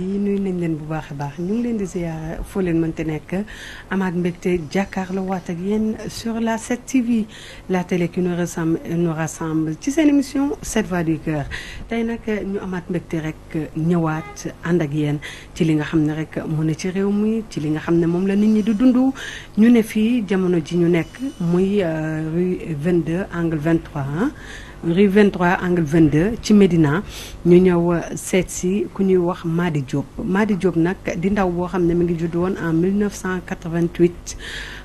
yi nuy nañ leen bu baax a baax ñu ngi leen di ziar foo leen mënti nekk amaat mbégte jàkkaarloo waat ak yéen sur la 7 TV la télé qui nous rassemble nous rassemble ci seen émission 7 voix du cœur tey nag ñu amaat mbégte rek ñëwaat ànd ak yéen ci li nga xam ne rek mu ne ci réew mi ci li nga xam ne moom la nit ñi di dundu ñu ne fii jamono ji ñu nekk muy euh, rue 22 angle 23 rue 23 angle deux ci Médina ñu ñëw euh, seet si ku ñuy wax maadi Diop maadi Diop nag di ndaw boo xam ne mi ngi judd woon en 1988.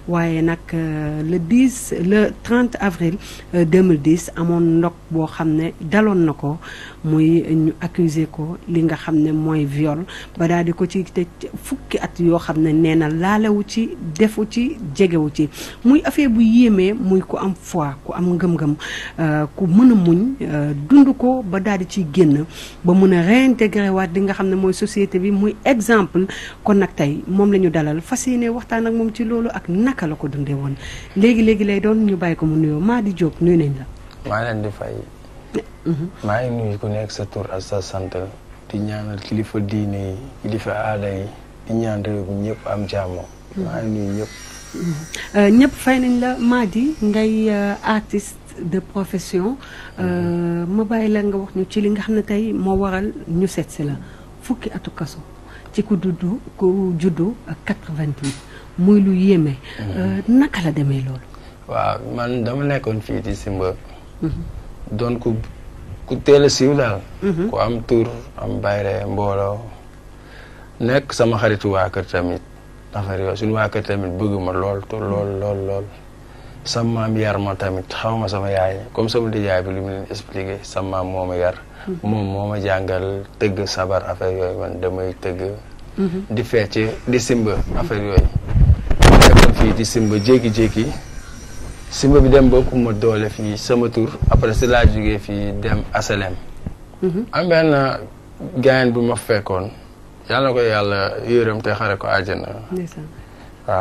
waaye nag euh, le 10 le 30 avril 2010 euh, amoon ndox boo xam ne daloon na ko muy ñu accuser ko li nga xam ne mooy viol ba daal di ko ci tëj fukki at yoo xam ne nee na laalewu ci defu ci jegewu ci muy affaire bu yéemee muy ku am foi ku am ngëm-ngëm euh, ku mën a muñ dund ko ba daal di ciy génn ba mun a réintégré waat li nga xam ne mooy société bi muy exemple kon nag tey moom la ñu dalal fas yéene waxtaan ak moom ci loolu ak nag naka ko dundee woon léegi léegi lay doon ñu bàyyi ko mu nuyoo Mady Diop nuyu nañ la. maa leen di fay. Mm-hmm. maa ngi nuyu ku nekk sa tur ak sa sant di ñaanal kilifa diine yi kilifa aada yi di ñaan réew mi ñëpp am jàmm. maa ngi mm-hmm. euh, fay nañ la Mady ngay euh, artiste. de profession euh, ma bàyyi la nga wax ñu ci li nga xam ne tey moo waral ñu seet si la fukki atu kaso ci ku dudd ku juddu ak 88 muy lu yéeme. Euh, naka la demee loolu. waaw man dama nekkoon fii ci Simba. Mhm. doon ku ku teel a daal. Mhm. ku am tur am bayre mbooloo. nekk sama xaritu waa kër tamit affaire yooyu suñu waa tamit bëgg ma lool te lool lool lool. sama maam yar ma tamit xaw ma sama yaay comme sama nijaay bi lu mu leen expliqué sama maam moo ma yar. Mhm. moom moo ma jàngal tëgg sabar affaire yooyu man damay tëgg. di fecc di simba affaire yooyu. fii di simba jékki-jékki simba bi dem ba ëpp ma doole fii sama tur après si laa jógee fii dem asalem mhm. am benn gaayen bu ma fekkoon yàlla na ko yàlla yërëm ko àjjana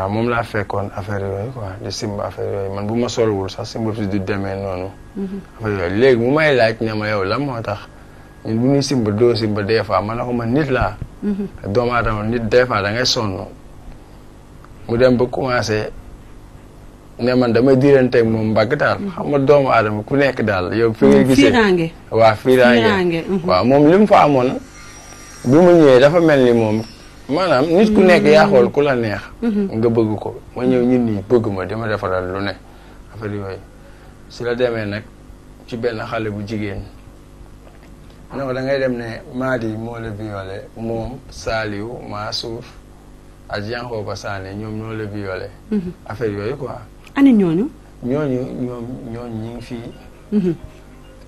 moom laa fekkoon affaire di simba affaire yooyu man bu ma solwul sax simba bi du demee noonu mhm. affaire yooyu léegi mu may laaj ne ma yow lan moo tax ñun bu ñuy simba doo simba des man na ko man nit laa mhm. doomu nit des fois sonn mu dem ba commencé ne man damay diiranteeg moom mbagg daal mm-hmm. xam nga doomu aadama ku nekk daal yow fi ngay mm-hmm. waaw fiiraange mm-hmm. waaw moom li mu fa amoon bi mu ñëwee dafa mel ni moom maanaam nit ku nekk yaa xool ku la neex nga bëgg ko ma ñëw nit ñi bëgg ma dama defaral lu ne affaire yooyu si la demee nag ci benn xale bu jigéen ne ko da ngay dem ne Madi moo la violé moom Saliou suuf agent booba saane ñoom ñoo la violé mhm. affaire yooyu quoi ani ñooñu ñooñu ñoom ñooñu ñi ngi fii mhm.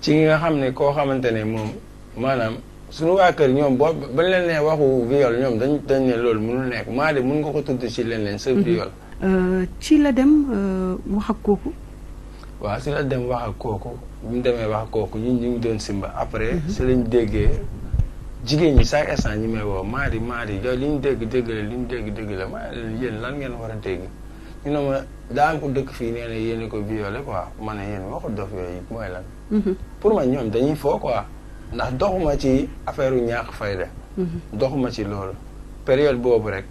ci nga xam ne koo xamante ne moom maanaam suñu waa kër ñoom boo bañ leen ne waxu viol ñoom dañ dañ ne loolu mënul nekk maa de mën nga ko tudd ci leneen sa mhm. viol euh, ci la dem euh, wax ak kooku waaw si la dem wax ak kooku bi mu demee wax ak kooku ñun ñu ngi doon simba après si lañ déggee jigéen ñi chaque instant ñi may woo maari maari yow li ñu dégg dégg la li ñu dégg dégg la ma yéen lan ngeen war a dégg ñu ne ma daan ko dëkk fii nee na yéen ko violé quoi ma ne yéen waxu dof yooyu mooy lan mhm. pour man ñoom dañuy foo quoi ndax doxuma ci affaire u ñàkk fayda mhm. doxuma ci loolu période boobu rek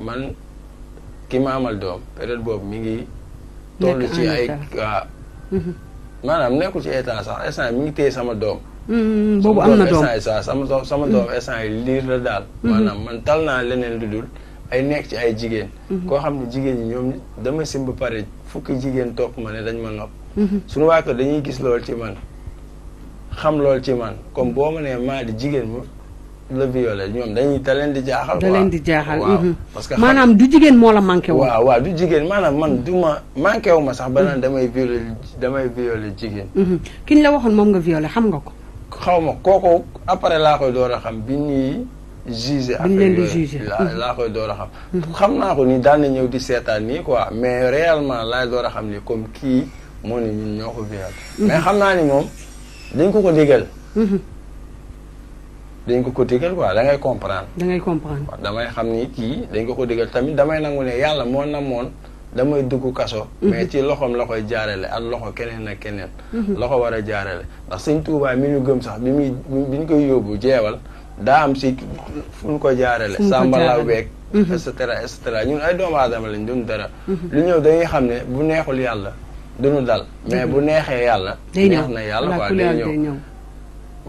man ki ma amal doom période boobu mi ngi toll ci ay waaw mhm. maanaam nekkul ci état sax instant mi ngi téye sama doom Mm-hmm. boobu am na doom sama doom sama doom instant mm-hmm. yi liir la daal. Mm-hmm. maanaam man tal naa leneen lu dul ay nekk ci ay jigéen. koo xam ne jigéen ñi ñoom dama simb pare fukki jigéen topp ma ne dañ ma nopp. suñu waa ko dañuy gis lool ci man xam lool ci man comme boo ma nee maa di jigéen ma. la violé ñoom dañuy da leen di jaaxal. da leen di jaaxal waaw parce que. maanaam du jigéen moo la manqué wu. waaw waaw man du ma manqué sax. ba naan damay violé damay violé jigéen. ki la waxoon moom nga violé xam nga ko. xaw ma kooku après laa koy door a xam bi ñuy juger bi ñu leen di juger mhm. laa koy door a xam mhm. xam naa ko ni daan na ñëw di seetaan nii quoi mais réellement laay door a xam ni comme kii moo ne ñun ñoo ko viol mhm. mais xam naa ni moom dañ ko ko digal dañ ko ko digal quoi da ngay comprendre da ngay damay xam ni kii dañ ko ko digal tamit damay nangu ne yàlla moo moon damay dugg kaso. Mhm. mais ci loxoom la koy jaarale ak loxo keneen ak keneen. Mhm. loxo war a jaarale ndax sëñ Tuubaa mi ñu gëm sax bi muy bi ñu koy yóbbu jeewal daa am si fu ñu ko jaarale. sàmbalaw la mhm. et cetera et cetera ay doomu aadama lañ duñ dara. lu ñëw dañuy xam ne bu neexul yàlla duñu dal. mais bu neexee yàlla. neex na yàlla quoi day ñëw.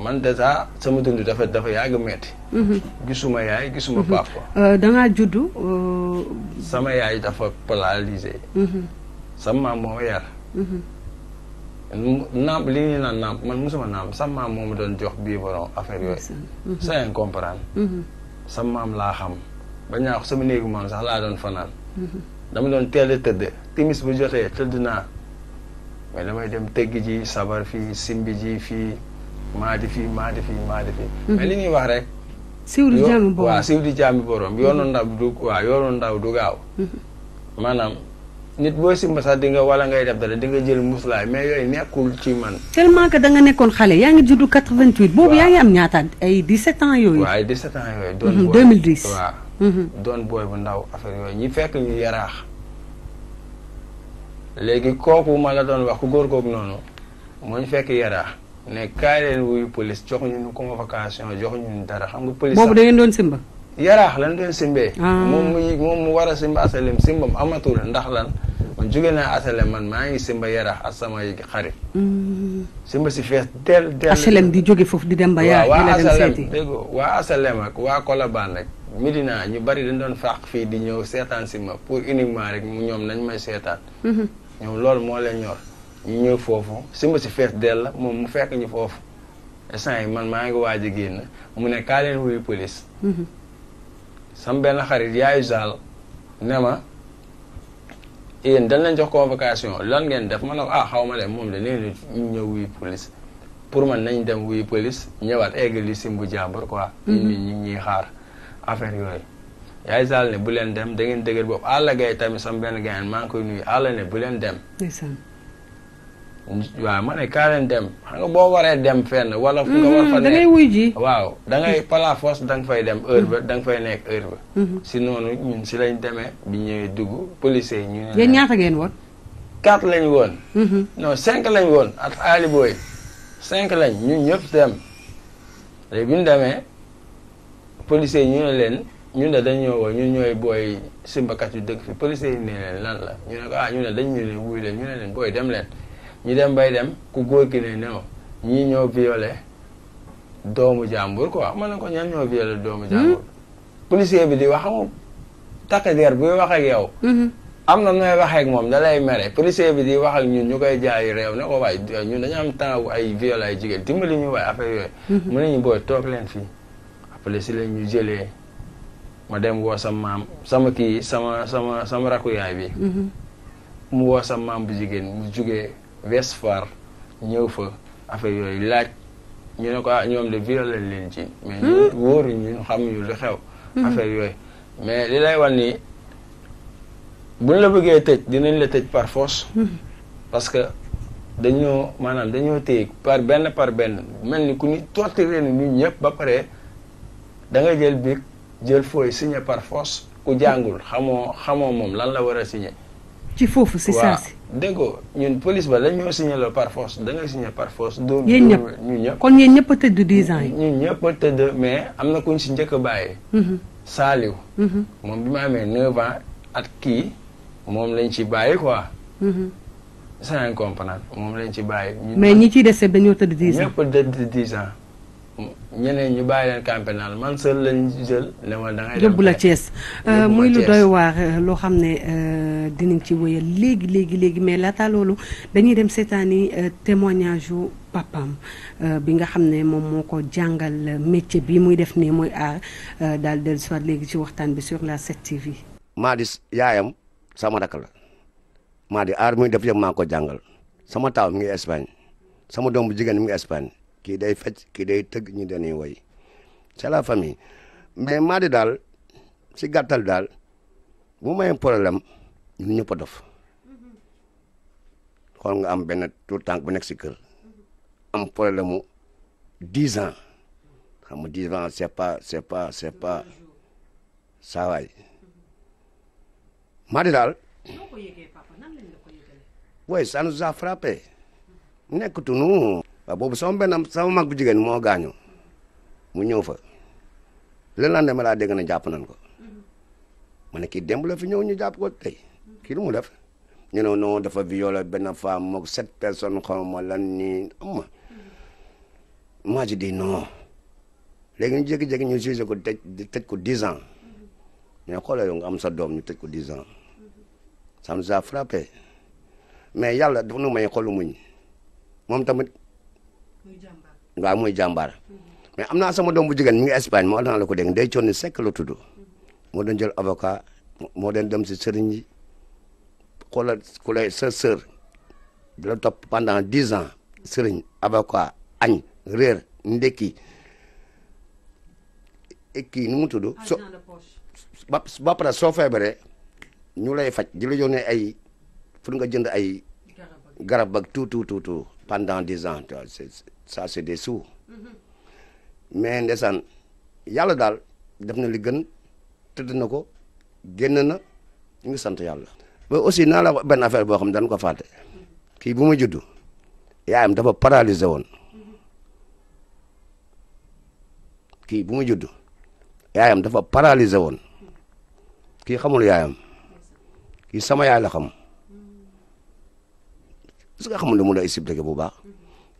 man dèjà sama dund dafa dafa yàgg metti mhm. gisuma yaay gisuma mhm. papa. Euh, da ngaa juddu. Euh, sama yaay dafa paralysé. Mhm. sama maam moo yar. naam li ñuy naan naam man mosuma naam sama maam moo ma doon jox biberon affaire yooyu. sa incomprendre. sama maam laa xam ba ñaax sama néegu maam sax laa doon fanaan. dama doon teel tëdd timis bu jotee tëdd naa mais damay dem tëgg ji sabar fii simbi ji fii. maa di fii maa di fii maa di fii mhm. mais li ñuy wax rek siiw di jaami borom waaw siiw di jaami borom yoonu mhm. ndaw du waaw yoonu ndaw du gaaw mhm. maanaam nit boo simba sax di nga wala ngay def dara di nga jël muslaay mais yooyu nekkul ci man tellement danga nekkoon xale yaa ngi juddu 88 boobu yaa ngi am ñaata ay 17 ans yooyu waaw ay ans yooyu doon booy bu ndaw affaire yooyu ñi fekk ñu yaraax léegi kooku ma la doon wax ku góor kooku noonu moo ñu fekk ne kaay leen wuyu police joxuñu ñu convocation joxuñu ñu dara xam nga. police boobu da ngeen doon simba. yaraax lan doon simbee. Ah. moom mu moom mu war a simba asalem simbam amatul ndax lan man jóge naa asalem man maa ngi simba yaraax ak sama xarit. Mm. simba si fees del del asalem di jóge foofu di dem ba. yaa waa asalem ak waa Colobane rek. Medina ñu bari dañ doon faax fii di ñëw seetaan simba pour uniquement rek ñoom nañ may seetaan. Mm-hmm. ñoom loolu moo leen ñor. ñu ñëw foofu si si fees dell moom mu fekk ñu foofu instant yi man maa ngi waaj a génn mu ne kaa leen wuyu police mhm. sam benn xarit yaayu zaal ne ma yéen dañ leen jox convocation lan ngeen def ma ne ko ah xaw ma dem moom de nee ñu ñëw wuyu police pour man nañ dem wuyu police ñëwaat eggali simbu jàmbur quoi ñun mhm. ñi ñuy xaar affaire yooyu yaay zaal ne bu leen dem da ngeen dëgër boobu àll gay tamit sam benn gayan maa ngi koy nuyu àll ne bu leen dem Um, waaw ma ne dem xam nga boo waree dem fenn wala. fu nga war fa mm-hmm, nekk da wuy ji. waaw da ngay par la force da fay dem heure ba da nga fay nekk heure ba. Mm-hmm. si noonu ñun si lañ demee bi ñëwee dugg policiers yi ñu ne. yéen ñaata lañ woon. Mm-hmm. cinq lañ woon ak Ali Boy cinq lañ ñun ñëpp dem léegi bi ñu demee policiers ñu ne leen ñun de dañ ñoo woon ñun ñooy booy simbakat yu dëkk fi policiers yi ne leen lan la ñu ne ko ah ñu ne dañ ñu ne wuy leen ñu ne leen booy dem leen. ñu dem bay dem ku góor ki ne non oh, ñii ñoo violé doomu jàmbur quoi man na ko ñan ñoo violé hmm? bi di waxam moom takk der buy wax ak yow. Hmm. am na nooy waxee ak moom da lay mere policier bi di wax ñu ñu koy jaay réew ne ko waaye ñun dañu am ay violé ay jigéen dimbali ñu waaye affaire yooy hmm. mu ne ñu booy toog leen fii a si la ñu jëlee ma dem woo sa maam sama kii sama sama sama rakku yaay bi. mu woo maam bu jigéen mu jugee. West Foire ñëw fa affaire yooyu laaj ñu ne ko ah ñoom de violé leen ci. mais ñu hmm? wóoru ñu xamuñu li xew. Hmm. affaire yooyu mais li lay wan nii buñ la bëggee tëj dinañ la tëj par force. Hmm. parce que dañoo maanaam dañoo téye par benn par benn mel ni ku ñu torturé ñu ñëpp ba pare da nga jël bic jël fooy siñe par force ku jàngul xamoo xamoo moom lan la war a signé. ci foofu si saa si déggoo ñun police ba dañoo signalé par force da ngay signé par force. doo yéen ñëpp ñun ñëpp. kon yéen ñëpp a tëdd 10 ans yi. ñun ñëpp a tëdd mais am na kuñ si njëkk a bàyyi. Mhm. Saliou. Mhm. moom bi ma amee 9 ans at kii moom lañ ci bàyyi quoi. Mhm. c'est incompréhensible moom lañ ci bàyyi. mais ñi ciy dese dañoo tëdd 10 ans. a tëdd 10 ñeneen ñu bàyyi leen camp man seul lañ jël ma da ngay yóbbu euh, la Thiès muy lu doy waar euh, loo xam ne euh, dinañ ci wéyal léegi léegi léegi mais laata loolu dañuy dem seetaani témoignage yu papam bi nga xam ne moom moo ko jàngal métier bi muy def nii muy aar daal dellu soit léegi ci waxtaan bi sur la 7TV. maa di yaayam sama rakk la maa di aar muy def yëpp maa ko jàngal sama taaw mi ngi Espagne sama doom bu jigéen mi ngi Espagne. kii day fecc kii day tëgg ñi dañuy woy c'est la famille mais Mady daal si gàttal daal bu mayee problème ñun ñëpp a dof xool nga am benn tout tànk bu nekk si kër am problème mu dix ans xam nga dix ans c'est pas c'est pas c'est pas saa waay Mady daal oui ça nous a frappé waaw boobu sama benn sama mag bu jigéen moo gaañu mu ñëw fa le lendemain laa dégg na jàpp nañ ko ma ne kii démb la fi ñëw ñu jàpp ko te kii mu def ñu ne non defa violé benn femme moog sept personnes xaw ma lan nii am ma moi je dis non léegi ñu jékki ñu jugé ko tëj tëj ko dix ans ñu ne xoolal nga am sa doom ñu tëj ko dix ans ça nous a frappé mais yàlla dafa nu may xolu muñ moom tamit. waaw muy jàmbaar mais am naa sama doom bu jigéen mi ngi Espagne moo daan la ko dégg day conni sekk la tudd moo doon jël avocat moo doon dem si sëriñ yi xoolal ku lay sa sœur di la topp pendant dix ans sëriñ aboka añ réer ndekki kii nu mu tudd so ba ba pare soo feebaree ñu lay faj di la yónnee ay pour nga jënd ay garab ak tout tout tout pendant dix ans ça c'est des sous mais san yàlla daal def na li gën tëdd na ko génn na ñu ngi sant yàlla. aussi naa la benn boo xam ne dañ ko fàtte kii bu ma juddu yaayam dafa paralysé woon kii bu ma juddu yaayam dafa paralysé woon kii xamul yaayam kii sama yaay la xam. parce que xamul ne mun a expliquer bu baax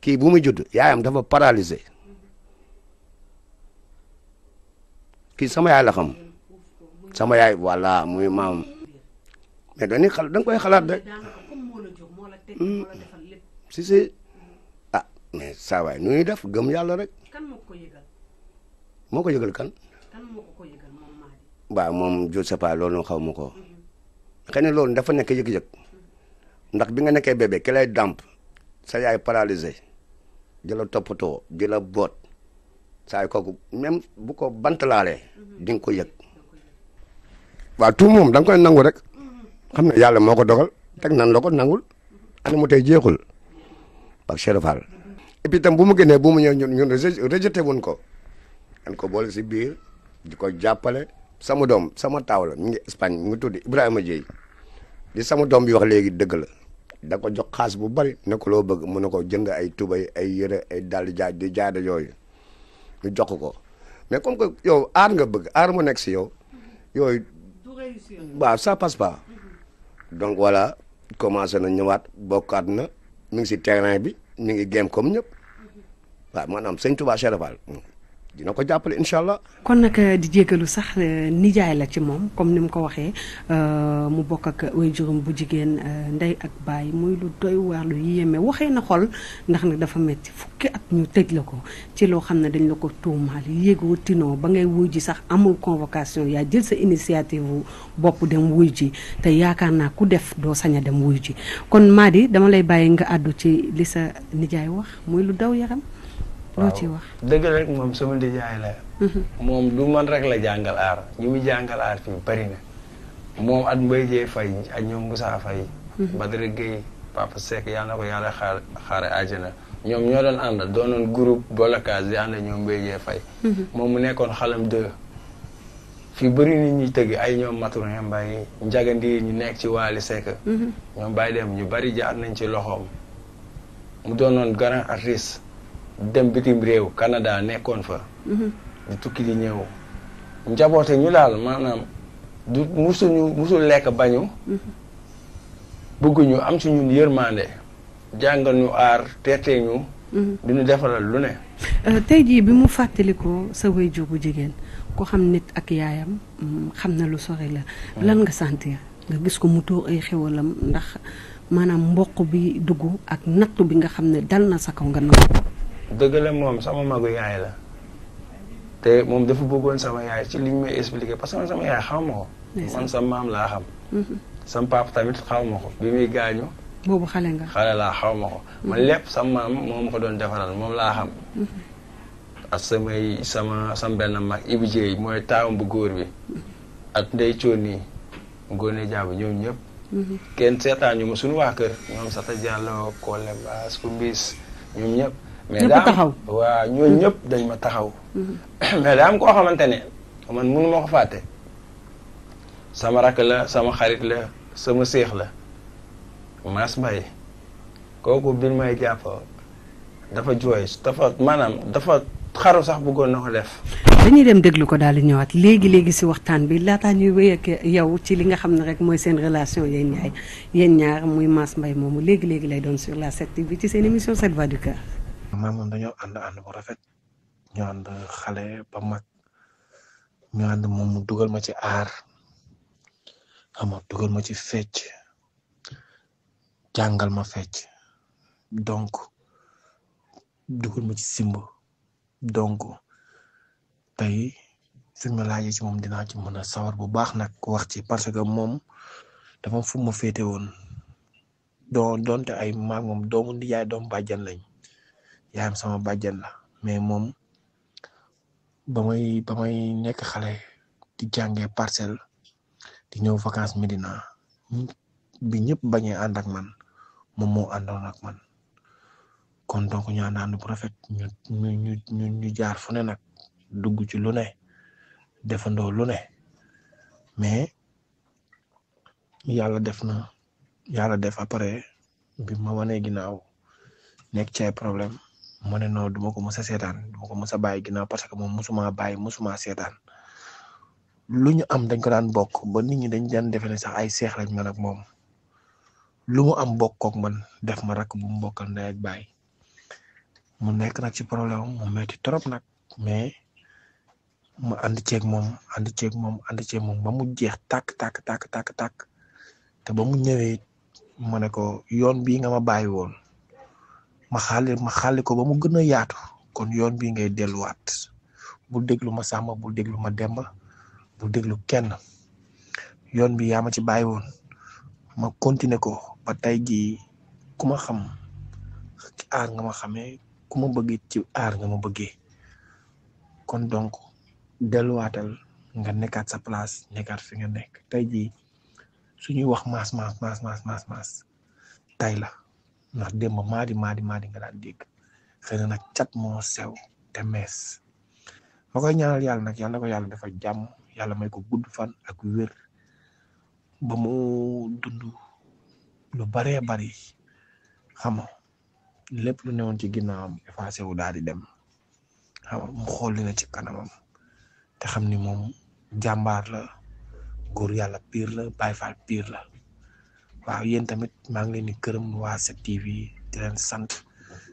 kii bu muy judd yaayam dafa paralysé kii sama yaay la xam sama yaay voilà muy maam mais dañuy xal da koy xalaat rek si si ah mais saa waay nu ñuy def gëm yàlla rek moo ko yëgal kan waaw moom je sais pas loolu xaw ma ko mm-hmm. xëy na loolu dafa nekk yëg-yëg ndax bi nga nekkee bébé ki lay sa yaay paralysé di la toppatoo di la boot saa kooku même bu ko bant laalee di nga ko yëg waaw tout moom da nga koy nangu rek xam ne yàlla moo ko dogal teg nan la ko nangul ana mu tey jeexul parce que Cheikh Fall et puis tam bu mu génnee bu mu ñëw ñun ñun rejeté wuñ ko dañ ko boole si biir di ko jàppale sama doom sama taaw la mi ngi Espagne mi ngi tudd Ibrahima Dieye li sama doom bi wax léegi dëgg la da ko jox xaas bu bari ne ko loo bëgg mu ne ko jënd ay tubay ay yëre ay dàll jaay di jaada yooyu ñu jox ko mais comme que yow aar nga bëgg aar mu nekk si yow yooyu waaw ça passe mhm. donc voilà commencé na ñëwaat bokkaat na mi ngi si terrain bi mi ngi géem comme ñëpp mhm. waaw maanaam sëñ Touba Cheikh dina ko jàppale incha allah. kon nag euh, di jégalu sax euh, nijaay la ci moom comme ni mu ko waxee euh, mu bokk ak waajuram bu jigéen ndey ak bàyyi muy lu doy waar lu yéeme waxee na xol ndax nag dafa metti fukki ak ñu tëj la ko ci loo xam ne dañ la ko tuumaal yéegoo tinoo ba ngay wuy ji sax amul convocation yaa jël sa initiative bopp dem wuy ji te yaakaar naa ku def doo sañ a dem wuy ji kon Mady dama lay bàyyi nga àddu ci li sa nijaay wax muy lu daw yaram. loo ci dëgg rek moom sama ndijaay la mhm. moom du man rek la jàngal aar ñi muy jàngal aar fii bëri moom at mbay jee fay ak ñoom Moussa Fay mhm. Badara Gueye Papa Seck yàlla na ko yàlla xaar xaare àjjana ñoom ñoo doon ànd doonoon groupe bolocage di ànd ñoom mbay jee fay mhm. moom mu nekkoon xalam deux fii bëri nit ñuy tëgg ay ñoom maturin mbay njagandi ñu nekk ci waali Seck ñoom bàyyi dem ñu bëri jaar nañ ci loxoom mu doonoon grand artiste dem bitim réew Canada nekkoon fa. Mhm. di tukki di ñëw. njaboote ñu daal maanaam du musuñu musul lekk bañu. Mhm. bëgguñu am ci ñun yërmande jàngal ñu aar teetee ñu. Mhm. du defaral lu ne. Euh, tey jii bi mu fàttalikoo sa waajur bu jigéen ko xam nit ak yaayam mm, xam na lu sori la. Mm. lan nga sentir nga gis ko mu tóor ay xewalam ndax maanaam mboq bi dugg ak nattu bi nga xam ne dal na sa kaw nga nangu. dëgg moom sama magu yaay la te moom dafa bëggoon sama yaay ci liñ may expliqué parce que man sama yaay xam ma ko. man sama maam laa xam. Mhm. sama papa tamit xaw ma ko bi muy gaañu. boobu xale nga xale laa xaw ma ko. man mhm. lépp sama maam moo ma ko doon defaral moom laa xam. Mhm. ak samay sama sama benn mag Ibi Dieye mooy taawam bu góor bi. ak Ndeye Thioni Ngoné Diabo ñoom ñëpp. kenn seetaan ñu ma suñu waa kër ñoom Sata Diallo Kole Baas Kumbis ñoom ñëpp. mais daa taxaw waaw ñooñu ñëpp dañ ma taxaw. Mm-hmm. mais daa am koo xamante ne man mënu ma ko fàtte. sama rakk la sama xarit la sama seex la Mass Mbaye kooku bi may jàpp dafa jooy dafa maanaam dafa xaru sax bëggoon na ko def. dañuy dem déglu ko daal di ñëwaat léegi léegi si waxtaan bi laataa ñuy wéy ak yow ci li nga xam ne rek mooy seen relation yéen ñaar yéen ñaar muy Mass moom moomu léegi léegi lay doon sur la 7 bi ci seen émission 7 voix maam dañoo ànd ànd bu rafet ñu ànd xale ba mag ñu ànd moom dugal ma ci aar xam dugal ma ci fecc jàngal ma fecc donc dugal ma ci simb donc tey suñ ma laajee ci moom dinaa ci mën a sawar bu baax nag wax ci parce que moom dafa fu ma féete woon don doonte ay maag moom doomu ndiyaay doom bàjjan lañ yaayam sama bàjjen la mais moom ba may ba nekk xale di jàngee parcelle di ñëw vacances Médina bi ñëpp bañee ànd ak man moom moo àndoon ak man kon donc ñaan ànd bu rafet ñu ñu ñu ñu jaar fu ne nag dugg ci lu ne defandoo lu ne mais yàlla def na yàlla def après bi ma wanee ginnaaw nekk ci ay problème ma ne non duma ko mës a seetaan du ko mës a bàyyi ginnaaw parce que moom mosuma bàyyi mosuma seetaan lu ñu am dañ ko daan bokk ba nit ñi dañ daan defe ne sax ay seex lañ man ak moom lu mu am bokk kook man def ma rakk bu mu bokkal ndey ak bàyyi mu nekk nag ci problème mu metti trop nag mais ma ànd ceeg moom ànd ceeg moom ànd ceeg moom ba mu jeex tàkk tàkk tàkk tàkk tàkk te ba mu ñëwee ma ne ko yoon bii nga ma bàyyi woon. ma xaali ma xaali ko ba mu gën a yaatu kon yoon bii ngay delluwaat bu déglu ma sàmm bul déglu ma demba bul déglu kenn yoon bi yaa ma ci bàyyi woon ma continuer ko ba tey jii ku ma xam ci aar nga ma xamee ku ma bëgg ci aar nga ma bëggee kon donc delluwaatal nga nekkaat sa place nekkaat fi nga nekk tey jii suñuy wax maas maas maas maas maas maas tay la ndax démb maadi maadi maadi nga daan dégg xëy na cat moo sew te mees ma koy ñaanal yàlla nag yàlla ko yàlla dafa jàmm yàlla may ko gudd fan ak wér ba mu dund lu baree bari xam lépp lu newoon ci ginnaawam effacé wu daal di dem mu xool dina ci kanamam te xam ni moom jàmbaar la góor yàlla piir la Baay Faal piir la. waaw yéen tamit maa ngi leen di gërëm waa 7TV di leen sant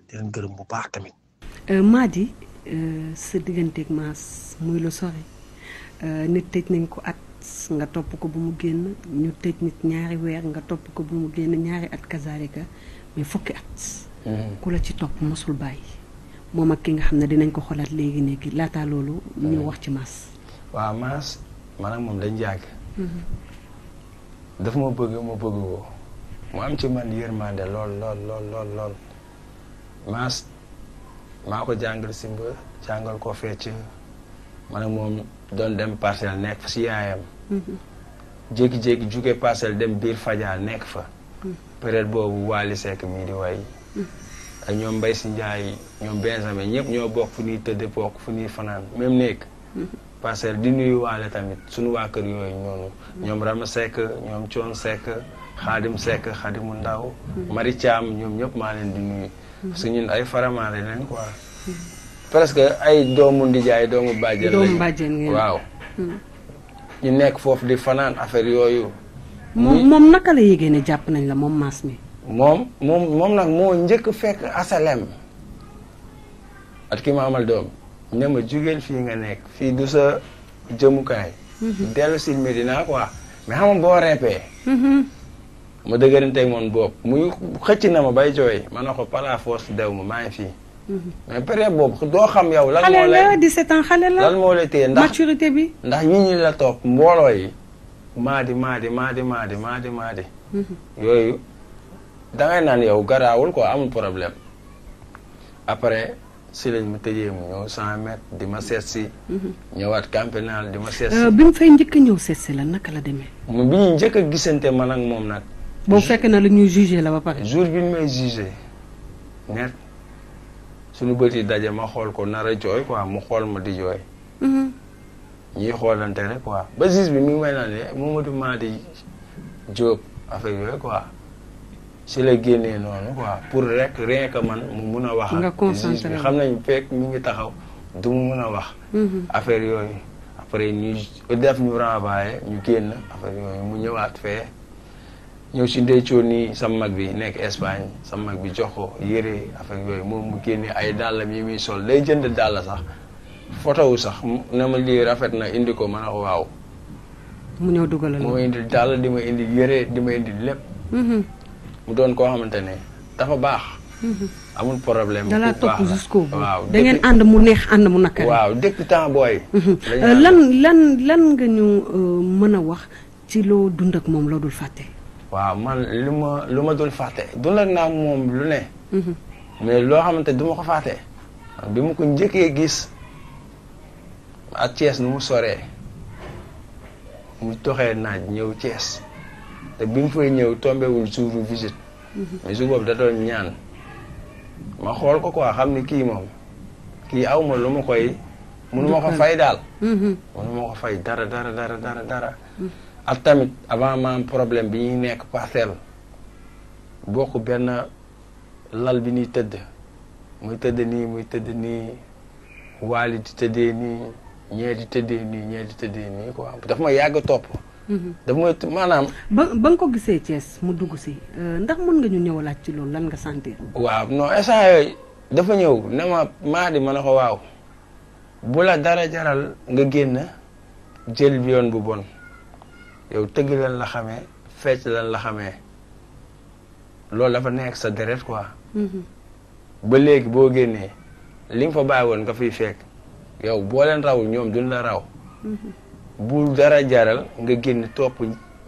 di leen gërëm bu baax tamit. Euh, Mady euh, sa digganteeg Mass muy lu sori euh, nit tëj nañ ko at nga topp ko bu mu génn ñu tëj nit ñaari weer nga topp ko bu mu génn ñaari at kazaalika mais fukki at. Mm-hmm. ku la ci topp mosul bàyyi. moom ak ki nga xam ne dinañ ko xoolaat léegi léegi laataa loolu. ñu mm-hmm. wax ci Mass. waaw Mass man ak moom lañ yàgg. Mm-hmm. dafa ma bëgg ma bëgg ko mu am ci man yërmande lool lool lool lool lool maas maa ko jàngal simba jàngal ko fecc man ak moom doon dem parcelle nekk fa si yaayam mhm. jékki-jékki jóge parcelle dem biir fajaa nekk fa mhm. période boobu Waly Seck mii di way mhm. ak ñoom Mbaye si Ndiaye ñoom Benjamin ñëpp ñoo bokk fu ñuy tëdd bokk fu ñuy fanaan même néeg Passer di nuyu waale tamit suñu waa kër yooyu ñoonu ñoom Rama Seck ñoom Thion Seck Xaadim Seck Xaadimu Ndaw Mari ñoom ñëpp maa leen di nuyu parce que ay faramaale leen ay doomu ndijaay doomu bàjjen lañu waaw hmm. ñu nekk foofu di fanaan affaire yooyu moom moom naka la yégée ne jàpp nañ la moom maas mi moom moom nag moo njëkk fekk asalem at ki ma amal doom ne ma jugeel fii nga nekk fii du sa jëmukaay. Mhm. dellu si Medina quoi mais xam nga boo reepee. Mhm. ma dëgëranteeg moom boobu muy xëcc na ma bay jooy man ne ko par la force dew ma maa fii. Mhm. mais période boobu doo xam yow. lan moo lay xale la 17 ans ndax maturité bi. ndax ñi ñi la toog mbooloo yi maadi maadi maadi maadi maadi maadi. yooyu da ngay naan yow garawul ko amul problème après. si lañ ma tëjee mu ñëw cent mètres di ma seet si. Mhm. ñëwaat campénal di ma seet euh, bi mu fay njëkk a ñëw seet si la naka la demee. mu bi ñu njëkk gisante ma ak moom nag. boo fekk na lu ñuy jugé la ba pare. jour bi ñu may jugé bët yi daje ma xool ko nar a mu xool ma di jooy. Mhm. ñuy xoolante rek quoi ba juge bi mi ngi may naan eh, yooyu quoi. si la génne noonu quoi pour rek rien que man mu mun a wax nga concentré xam nañu fekk mu ngi taxaw du mu mun a wax mhm. affaire yooyu après ñu def ñu renvoyé ñu génn affaire yooyu mu ñëwaat fee ñëw si ndeycoon nii sama mag bi nekk Espagne sama mag bi jox ko yére affaire yooyu moom mu génnee ay dàllam yi muy sol day jënd dàll sax photo sax na ma lii rafet na indi ko ma ne waaw mu ñëw dugalal moo indi dàll di ma indi yére di ma indi lépp mhm. mu doon koo xamante ne dafa baax. Mm-hmm. amul problème bu baax la topp jusqu'au bout waaw da ànd mu neex ànd mu nakari. waaw dëkk temps booy. Mm-hmm. Euh, lan lan nga ñu euh, mën a wax ci loo dund ak moom la dul fàtte. waaw man lu ma lu fàtte dund ak naa moom lu ne. Mm-hmm. mais loo xamante du ma ko fàtte. bi ma ko njëkkee gis ak Thiès nu mu soree mu toxee naaj ñëw Thiès. te bi mu fay ñëw tombewul suuf visite. Mhm. mais su boobu da doon ñaan. ma xool ko ko quoi xam ni kii moom kii aw ma lu ma koy. mënu ma ko fay daal. mënu mhm. ma ko fay dara dara dara dara dara. Mhm. ak tamit avant ma problème bi ñuy nekk parcelle. bokk benn lal bi nuy tëdd. muy tëdd nii muy tëdd nii waali di tëddee nii ñee di tëdd nii ñee di daf ma yàgg topp. daf mooy maanaam. ba ba nga ko gisee Thiès mu dugg si euh, ndax mën nga ñu ñëwalaat ci loolu lan nga sentir. waaw non instant yooyu dafa ñëw ne ma maa di ma ne ko waaw bu la dara jaral nga génn jël bi yoon bu bon yow tëgg lan la xamee fecc lan la xamee loolu dafa nekk sa deret quoi. Mm-hmm. ba léegi boo génnee li nga fa bàyyi woon nga fiy fekk yow boo leen rawul ñoom duñ la raw. Mm-hmm. bu dara jaral nga génn topp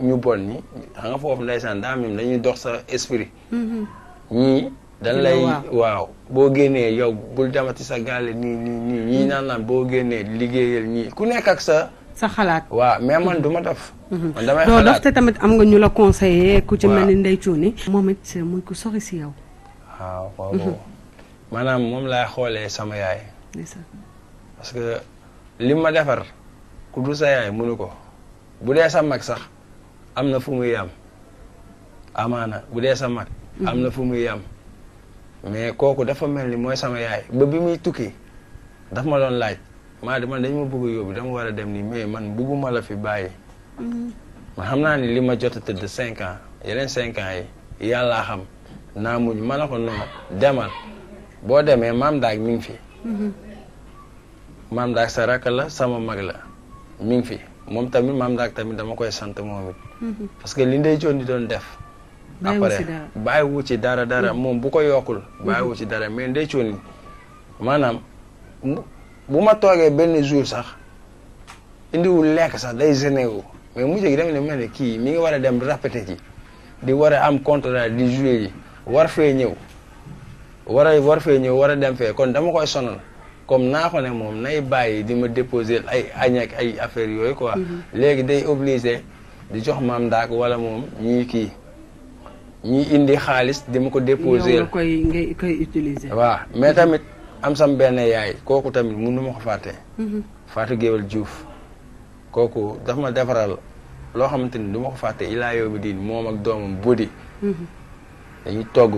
ñu bon ñi xam nga foofu ndeysaan daa mim dañuy dox sa esprit mm-hmm. ñii dañ lay waaw boo génnee yow bul demati sa gaale nii nii ñii naan naan boo génnee liggéeyal ñii ku nekk ak sa sa xalaat waaw mais man du ma def mm-hmm. man damay xalaat doo def te tamit am nga ñu la conseiller ku ci mel ni Ndeye Cuuni moom it muy ku soxi si yow waaw waaw mm-hmm. moom laay xoolee sama yaay parce que li ma defar ku du sa yaay mënu ko bu dee sa mag sax am na fu muy yam amaana bu dee sa mag am na fu muy yam mais kooku dafa mel ni mooy sama yaay ba bi muy tukki daf ma doon laaj maa di man dañ ma bëgg a yóbbu dama war a dem nii mais man bëgguma la fi bàyyi mm-hmm. man xam naa ni li ma jot a tëdd cinq yeneen cinq yi yàllaa xam naa muñ ma ne ko noonu demal boo demee maam daag mi ngi fi mm-hmm. maam daag sa rakk la sama mag la mi ngi fi moom tamit maam ndaak tamit dama koy sant moom mhm. parce que li day coon di doon def après bàyyiwu ci dara dara mhm. moom bu ko yokkul mhm. bàyyiwu ci dara mais day coon maanaam bu ma toogee benn jour sax indiwul lekk sax day génne wu mais mujj gi dama ne ma ne kii mi ngi war a dem rappete ji di war a am contrat di joué ji war fee ñëw war a war fee ñëw war a dem fee kon dama koy sonal comme naa ko ne moom nay bàyyi di ma déposer ay añ ak ay affaire yooyu quoi. Mhm. léegi day obligé di jox maam ndaak wala moom ñuy kii ñu indi xaalis di ma ko déposer. yow koy ngay mais mhm. tamit am sam benn yaay kooku tamit mënu ma ko fàtte. Mhm. Fatou Géwal Diouf kooku dafa ma defaral loo xamante ni du ma ko fàtte ilaa yow bi diin moom ak doomam budi dañuy togg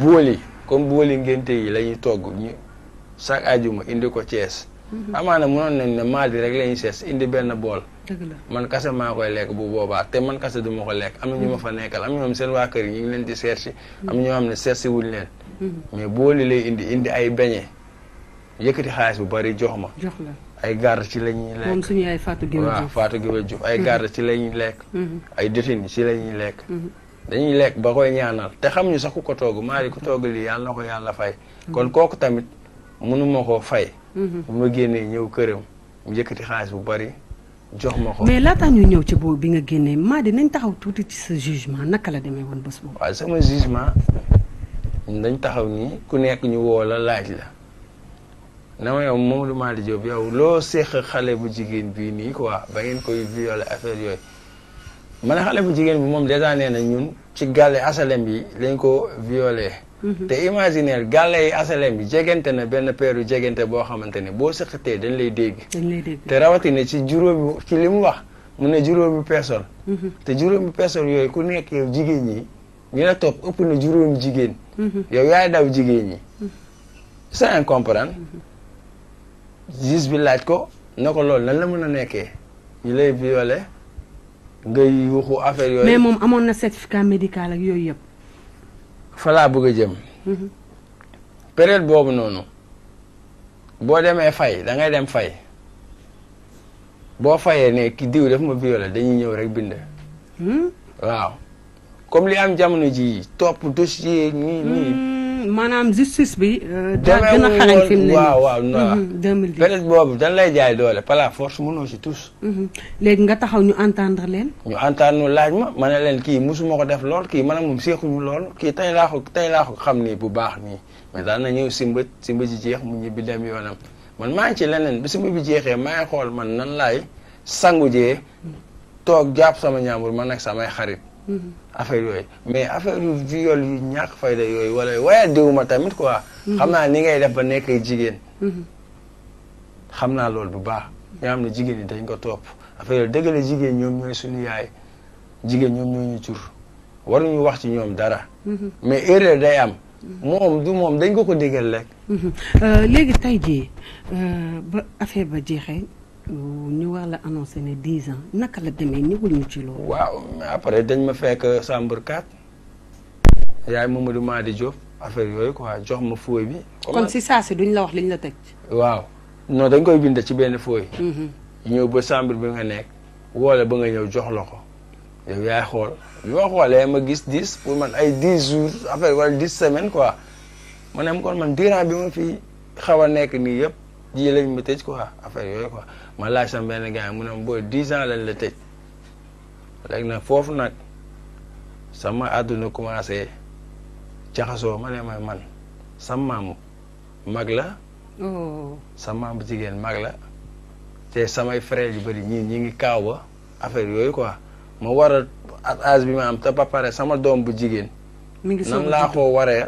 booli comme booli ngénte yi lañuy ñuy chaque ajuma indi ko Thiès. Mhm. amaana mënoon nañ ne mardi rek la ñuy sees indi benn bool. man kase maa koy lekk bu boobaa te man kase du ma ko lekk am na ñu ma fa nekkal am na ñoom seen waa kër ñu ngi leen di seetsi. am ñoo xam ne seetsi wuñ leen. Mhm. mais booli lay indi indi ay beñe yëkkati xaalis bu bari jox ma. jox la la ñuy lekk moom suñu ay Fatou ay garde ci la ñuy lekk. Mhm. ay détenu ci la ñuy lekk. dañuy lekk ba koy ñaanal te xam sax ku ko togg maa di ko togg lii yàlla ko yàlla fay. kon kooku tamit. mënuma koo fay. Mhm. bu ma génnee ñëw këram mu yëkkati xaalis bu bari jox ma ko. mais laataa ñu ñëw ci boobu bi nga génnee maa di nañ taxaw tuuti ci sa jugement naka la demee woon bés boobu. waaw sama jugement dañ taxaw nii ku nekk ñu woo la laaj la na ma yow Mamadou Malick Diop loo seq xale bu jigéen bi nii quoi ba ngeen koy violé affaire yooyu man xale bu jigéen bi moom dèjà nee na ñun ci gàlle asalem bi lañ ko violé. Mm-hmm. te imaginaire gàlle yi asalem bi jegante na benn peeru jegante boo xamante ne boo sëqatee dañ lay dégg. dañ te rawatina ci juróomi ci li mu wax mu ne juróomi personne. Mm-hmm. te juróomi personne yooyu ku nekk yow jigéen ñi ñu la topp ëpp na juróom jigéen. Mm-hmm. yow yaay daw jigéen ñi. c'est incomprendre. gis bi laaj ko na ko lool lan la mën a nekkee ñu lay violé ngay yuuxu affaire yooyu. mais moom amoon na certificat médical ak yooyu yëpp. fa laa bëgg a jëm mhm. boobu noonu boo demee fay da dem fay boo fayee ne ki diw daf ma violé dañuy ñëw rek bind hmm? waaw comme li am jamono ji topp dossier nii nii hmm. maanaam justice bi. Euh, daa gën a mu ne waaw waaw mhm, non période boobu dañ lay jaay doole par la force mënoo si tous. Mhm. léegi nga taxaw ñu entendre leen. ñu entendre laaj ma ma ne leen kii mosuma ko def lool kii man ak moom seexuñu lool kii tey laaxu tey laaxu xam nii bu baax nii mais daan na ñëw simba simba ji jeex mu ñibbi dem yoonam man maa ngi ci leneen bi simba bi jeexee maa xool man nan laay sangu jee toog jàpp sama ñaambur man ak samay xarit. affaire yooyu mais affaire yu viol yu fayda yooyu wala waaye diwuma tamit quoi. xam naa ni ngay def ba nekk jigéen. xam naa loolu bu baax nga xam ne jigéen ñi dañ ko topp affaire yooyu dëgg jigéen ñoom ñooy suñu yaay jigéen ñoom ñoo ñu jur waruñu wax ci ñoom dara. mais erreur day am. moom du moom dañ ko ko digal rek. Euh, léegi tey jii euh, ba affaire ba jeexee. ñu wax la annoncé ne dix ans naka la demee ñëwul ñu ci loolu. waaw après dañ ma fekk chambre 4 yaay Mamadou di Diop affaire yooyu quoi jox ma fooy bi. kon si saa si duñ la wax liñ la teg. waaw non dañ koy bind ci benn fooy. Mhm. ñëw ba chambre bi nga nekk woole ba nga ñëw jox la ko. yow yaay xool bi ma xoolee ma gis dix pour man ay dix jour affaire wala dix semaines quoi ma ne kon man durant bi ma fi xaw a nekk nii yëpp. jii lañ ma tëj quoi affaire yooyu quoi ma laaj sama benn gars ma booy dix ans lañ la tëj foofu nag sama àdduna commencé jaxasoo ma ma man sama maam mag la. Oh. sama bu jigéen mag la. te samay frères yu bëri ñii ngi kaaw affaire yooyu quoi ma war a at bi ma am te ba pare sama doom bu jigéen. mi ngi nan laa ko waree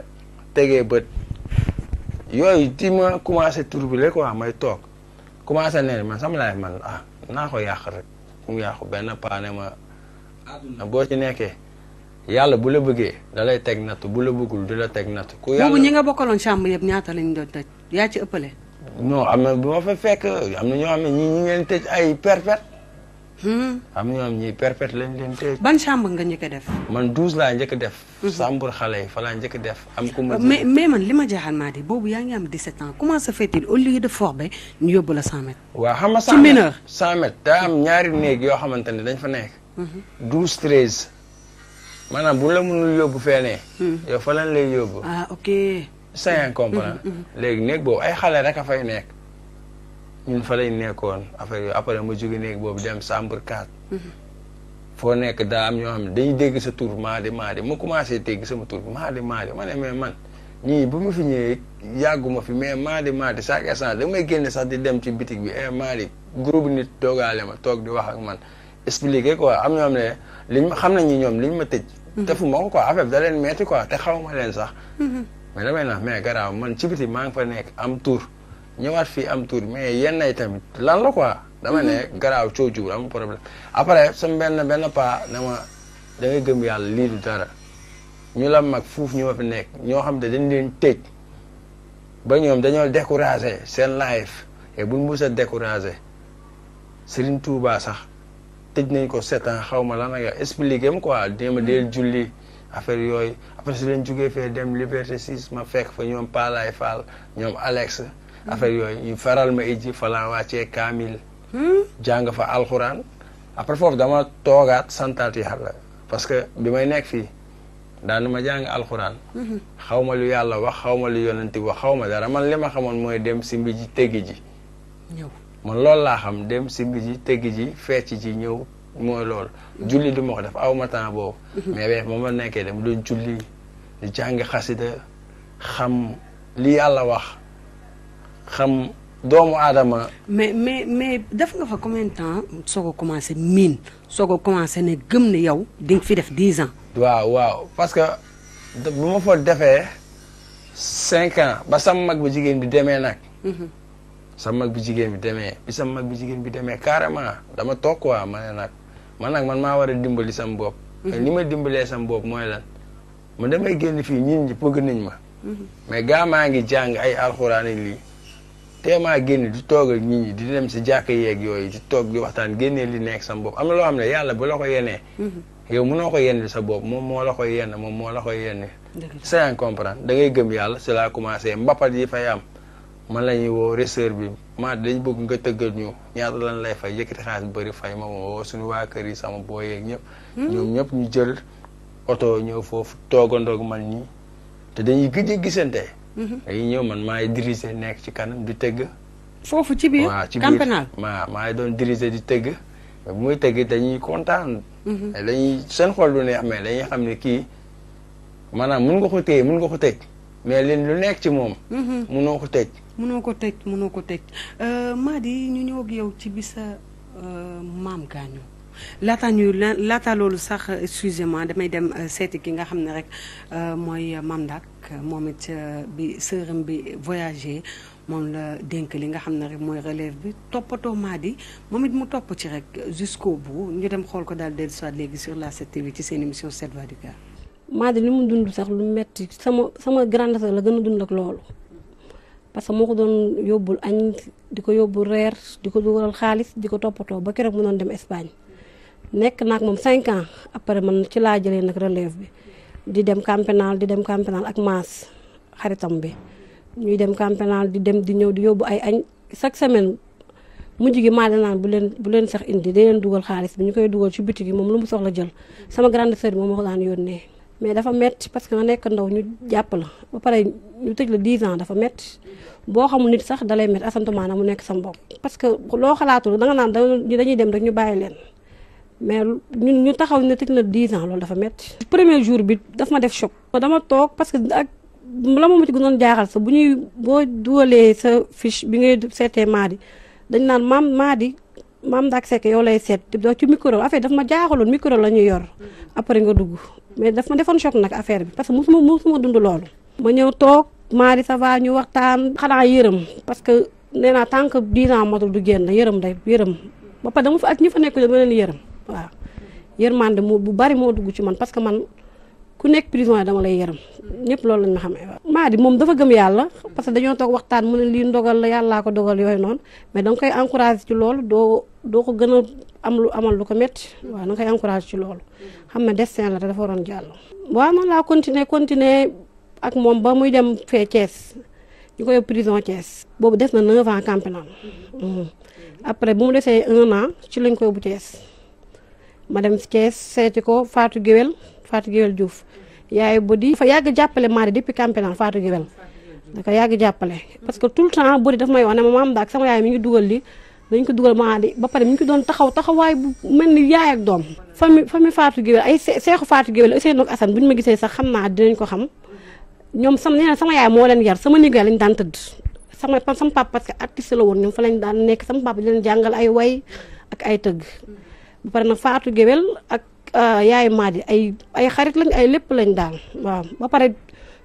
tegee bët. yooyu di ma commencé turbuler quoi may toog commencé ne man sama life ma ah naa ko yàq rek mu yàqu benn paa ma boo ci nekkee yàlla bu la bëggee da lay teg natt bu la bëggul la teg natt. ku yàlla boobu ñi nga bokkaloon chambre yëpp ñaata lañ doon tëj yaa ci ëppale. non am na bu ma Hmm. am na ñoom ñi perpète lañ leen téye. ban chambre nga njëkk a def. man douze laa njëkk a def. chambre hmm. xale yi fa laa njëkk a def. am ku ma euh, mais mais man li ma jaaxal maa di boobu yaa ngi am 17 ans comment se fait-il au lieu de forber ñu yóbbu la 100 mètres. waaw xam nga 100 mètres ci mineur. 100 mètres daa am ñaari néeg yoo xamante ne dañ fa nekk. 12 hmm. 13 maanaam bu la mënul yóbbu fenee yow fa lañ lay yóbbu. ah ok. 5 comprendre. léegi néeg boobu ay xale rek a fay nekk. ñun fa lañ nekkoon affaire yooyu après ma jóge néeg boobu dem chambre 4. foo nekk daa am ñoo xam ne dañuy dégg sa tur maadi maadi ma commencé dégg sama tur maadi ma ne mais man ñii bu ma fi ñëwee yàgguma fi mais maadi maadi chaque instant damay génne sax di dem ci bitig bi eh maadi groupe nit doogaale ma toog di wax ak man expliquer quoi am ñoo xam ne liñ ma xam nañu ñoom liñ ma tëj. Mhm. defu ma ko quoi da leen metti quoi te xaw ma leen sax. Mhm. mais damay naan mais garaaw man ci biti maa ngi fa nekk am tur. ñëwaat fii am tuur mais yenn ay tamit lan la quoi. dama ne mhm. garaaw coow jiw am problème. après sama benn benn paa ne ma da ngay gëm yàlla lii du dara ñu la mag fuuf ñu ma fi nekk ñoo xam ne dañ leen tëj ba ñoom dañoo découragé seen life et buñ mus a découragé Serigne Touba sax tëj nañ ko sept ans xaw ma lan la nga expliqué ma quoi dee ma deel mhm. julli. affaire yooyu après su leen jugee fee dem Liberté 6 ma fekk fa ñoom Palaay Fall ñoom Alex affaire yooyu ñu faral ma ijji falan wàccee kaamil hmm? jàng fa alxuraan après foofu dama toogaat santaat yàlla parce que bi may nekk fii daanu ma jàng alxuraan hmm. xaw ma lu yàlla wax xaw ma lu yonanti wax xaw ma dara man li ma xamoon mooy dem simbi ji teggi ji ñëw man loolu laa xam dem simbi ji teggi ji fecc ji ñëw mooy lool hmm. julli du ma ko def aw ma temps mais weex ba ma nekkee dem doon julli di jàng xasida xam li yàlla wax xam doomu aadama. mais mais mais def nga fa combien de temps soo ko commencé miin soo ko commencé ne gëm ne yow di nga fi def dix ans. waaw waaw parce que bu ma fa defee cinq ans ba sam mag bu jigéen bi demee nag. Mhm. sama mag bu jigéen bi demee bi mag bu jigéen bi demee carrément dama toog quoi ma ne nag man nag man maa war a dimbali sama bopp. ni mhm. ma dimbalee sam bopp mooy lan man damay génn fii ñin ñi bëgg nañ ma. Mhm. mais gaa maa ngi jàng ay alxuraan lii. téemaa génn di toog ak ñi di dem si jàkk yeeg yooyu di toog di waxtaan génnee li nekk sam bopp am na loo xam ne yàlla bu la ko yenee mm-hmm. yow mënoo ko yenn sa bopp moom moo la ko yenn moom moo la ko yenn saen comprendre da ngay gëm yàlla si laa commencé mbapat yi fay am man la ñuy woo reseur bi ma dañ bëgg nga tëggal ñu ñaata lan lay fay yëkkati xaalis bu bëri fay ma woo suñu waa kër yi sama boo yeeg ñëpp hmm? ñëpp ñu jël oto ñëw foofu toogandoog man ñi te dañuy gëj gisante Mhm. dañuy ñëw man maay diriger nekk ci kanam di tëgg. foofu ci biir waaw ci biir maa maay doon diriger di tëgg. bu muy tëgg dañuy kontaan. Mhm. dañuy seen xol lu neex mais dañuy xam ne kii maanaam mun nga ko téye mun nga ko tëj mais leen nekk ci moom. Mhm. munoo ko tëj. munoo ko tëj munoo ko tëj euh, Mady ñu ñëw yow ci bi sa euh, maam gaañu laata ñu laata loolu sax excusez damay dem euh, seeti ki nga xam ne rek mooy Mame Ndack moom it euh, bi sëram bi voyagé moom la dénk li nga xam ne rek mooy relève bi toppatoo Mady moom it mu topp ci rek jusqu'au bout ñu dem xool ko daal dellu soit léegi sur la 7 ci seen émission 7 voix li mu dund sax lu metti sama sama grande sœur la gën a dund ak loolu parce que moo ko doon yóbbul añ di ko yóbbul reer di ko dugal xaalis di ko toppatoo ba keroog mu doon dem Espagne nekk naag moom cinquant ans après man ci laa jëlee nag relève bi. di dem camp pénal di dem camp pénal ak maas xaritam bi ñuy dem camp pénal di dem di ñëw di yóbbu ay añ chaque semaine mujj gi maa naan bu leen bu leen sax indi day leen dugal xaalis bi ñu koy dugal ci bitig yi moom lu mu soxla jël sama grande sœur bi moom moo ko daan mais dafa metti parce que nekk ndaw ñu jàpp la ba pare ñu tëj la 10 dafa metti boo xamul nit sax dalay metti asantumaana mu nekk sa mbokk parce que loo xalaatul danga naan dañuy dem rek ñu bàyyi leen mais ñun ñu taxaw ne tëj na 10 ans loolu dafa métti. premier jour bi daf ma def choc. dama toog parce que ak la ma ci gënoon jaaxal sa bu ñuy boo dugalee sa fiche bi ngay seetee Mady dañ naan maam Mady maam Ndack Seck yow lay seet di ci micro affaire daf ma jaaxaloon micro la ñuy yor après nga dugg mais daf defoon choc nag affaire bi parce que mosuma mosuma dund loolu. ma ñëw toog Mady ça va ñu waxtaan. xanaa yërëm parce que nee naa tant que 10 ans motul du génn yërëm day yërëm ba pare dama fa ak ñi fa nekk dama leen yërëm. waaw yërmande moo bu bari moo dugg ci man parce que man ku nekk prison yi dama lay yërëm ñëpp loolu lañ ma xamee waaw maa di moom dafa gëm yàlla parce que dañoo toog waxtaan mu ne lii ndogal la yàllaa ko dogal yooyu noonu mais danga koy encouragé ci loolu doo doo ko gën am lu amal lu ko métti waaw danga koy encouragé ci loolu xam ne destin la te dafa waroon jàll waaw man laa continuer continuer ak moom ba muy dem fee Thiès ñu koy prison Thiès boobu des na neuf ans camp pénal mm-hmm. mm-hmm. après bu mu desee ci lañ koy bu ma dem Thiès seeti ko Fatou Guewel Fatou Guewel Diouf yaay Bodi fa yàgg jàppale Marie depuis campagne Fatou Guewel da ko yàgg jàppale parce que tout le temps Bodi daf ma wax ne ma maam daak sama yaay mi ngi dugal li dañ ko dugal maa di ba mi ngi ko doon taxaw taxawaay bu mel ni yaay ak doom fami fami Fatou Guewel ay seexu Fatou Guewel Ousseynou bu ñu ma gisee sax xam naa dinañ ko xam ñoom sama nee na sama yaay moo leen yar sama nigaay lañ daan tëdd sama sama papa parce que artiste la woon ñoom fa lañ daan nekk sama papa leen jàngal ay way ak ay tëgg ba pare nag Faatu Géwél ak euh, Yaay Maadi ay ay xarit lañ ay lépp lañ daal waaw ba pare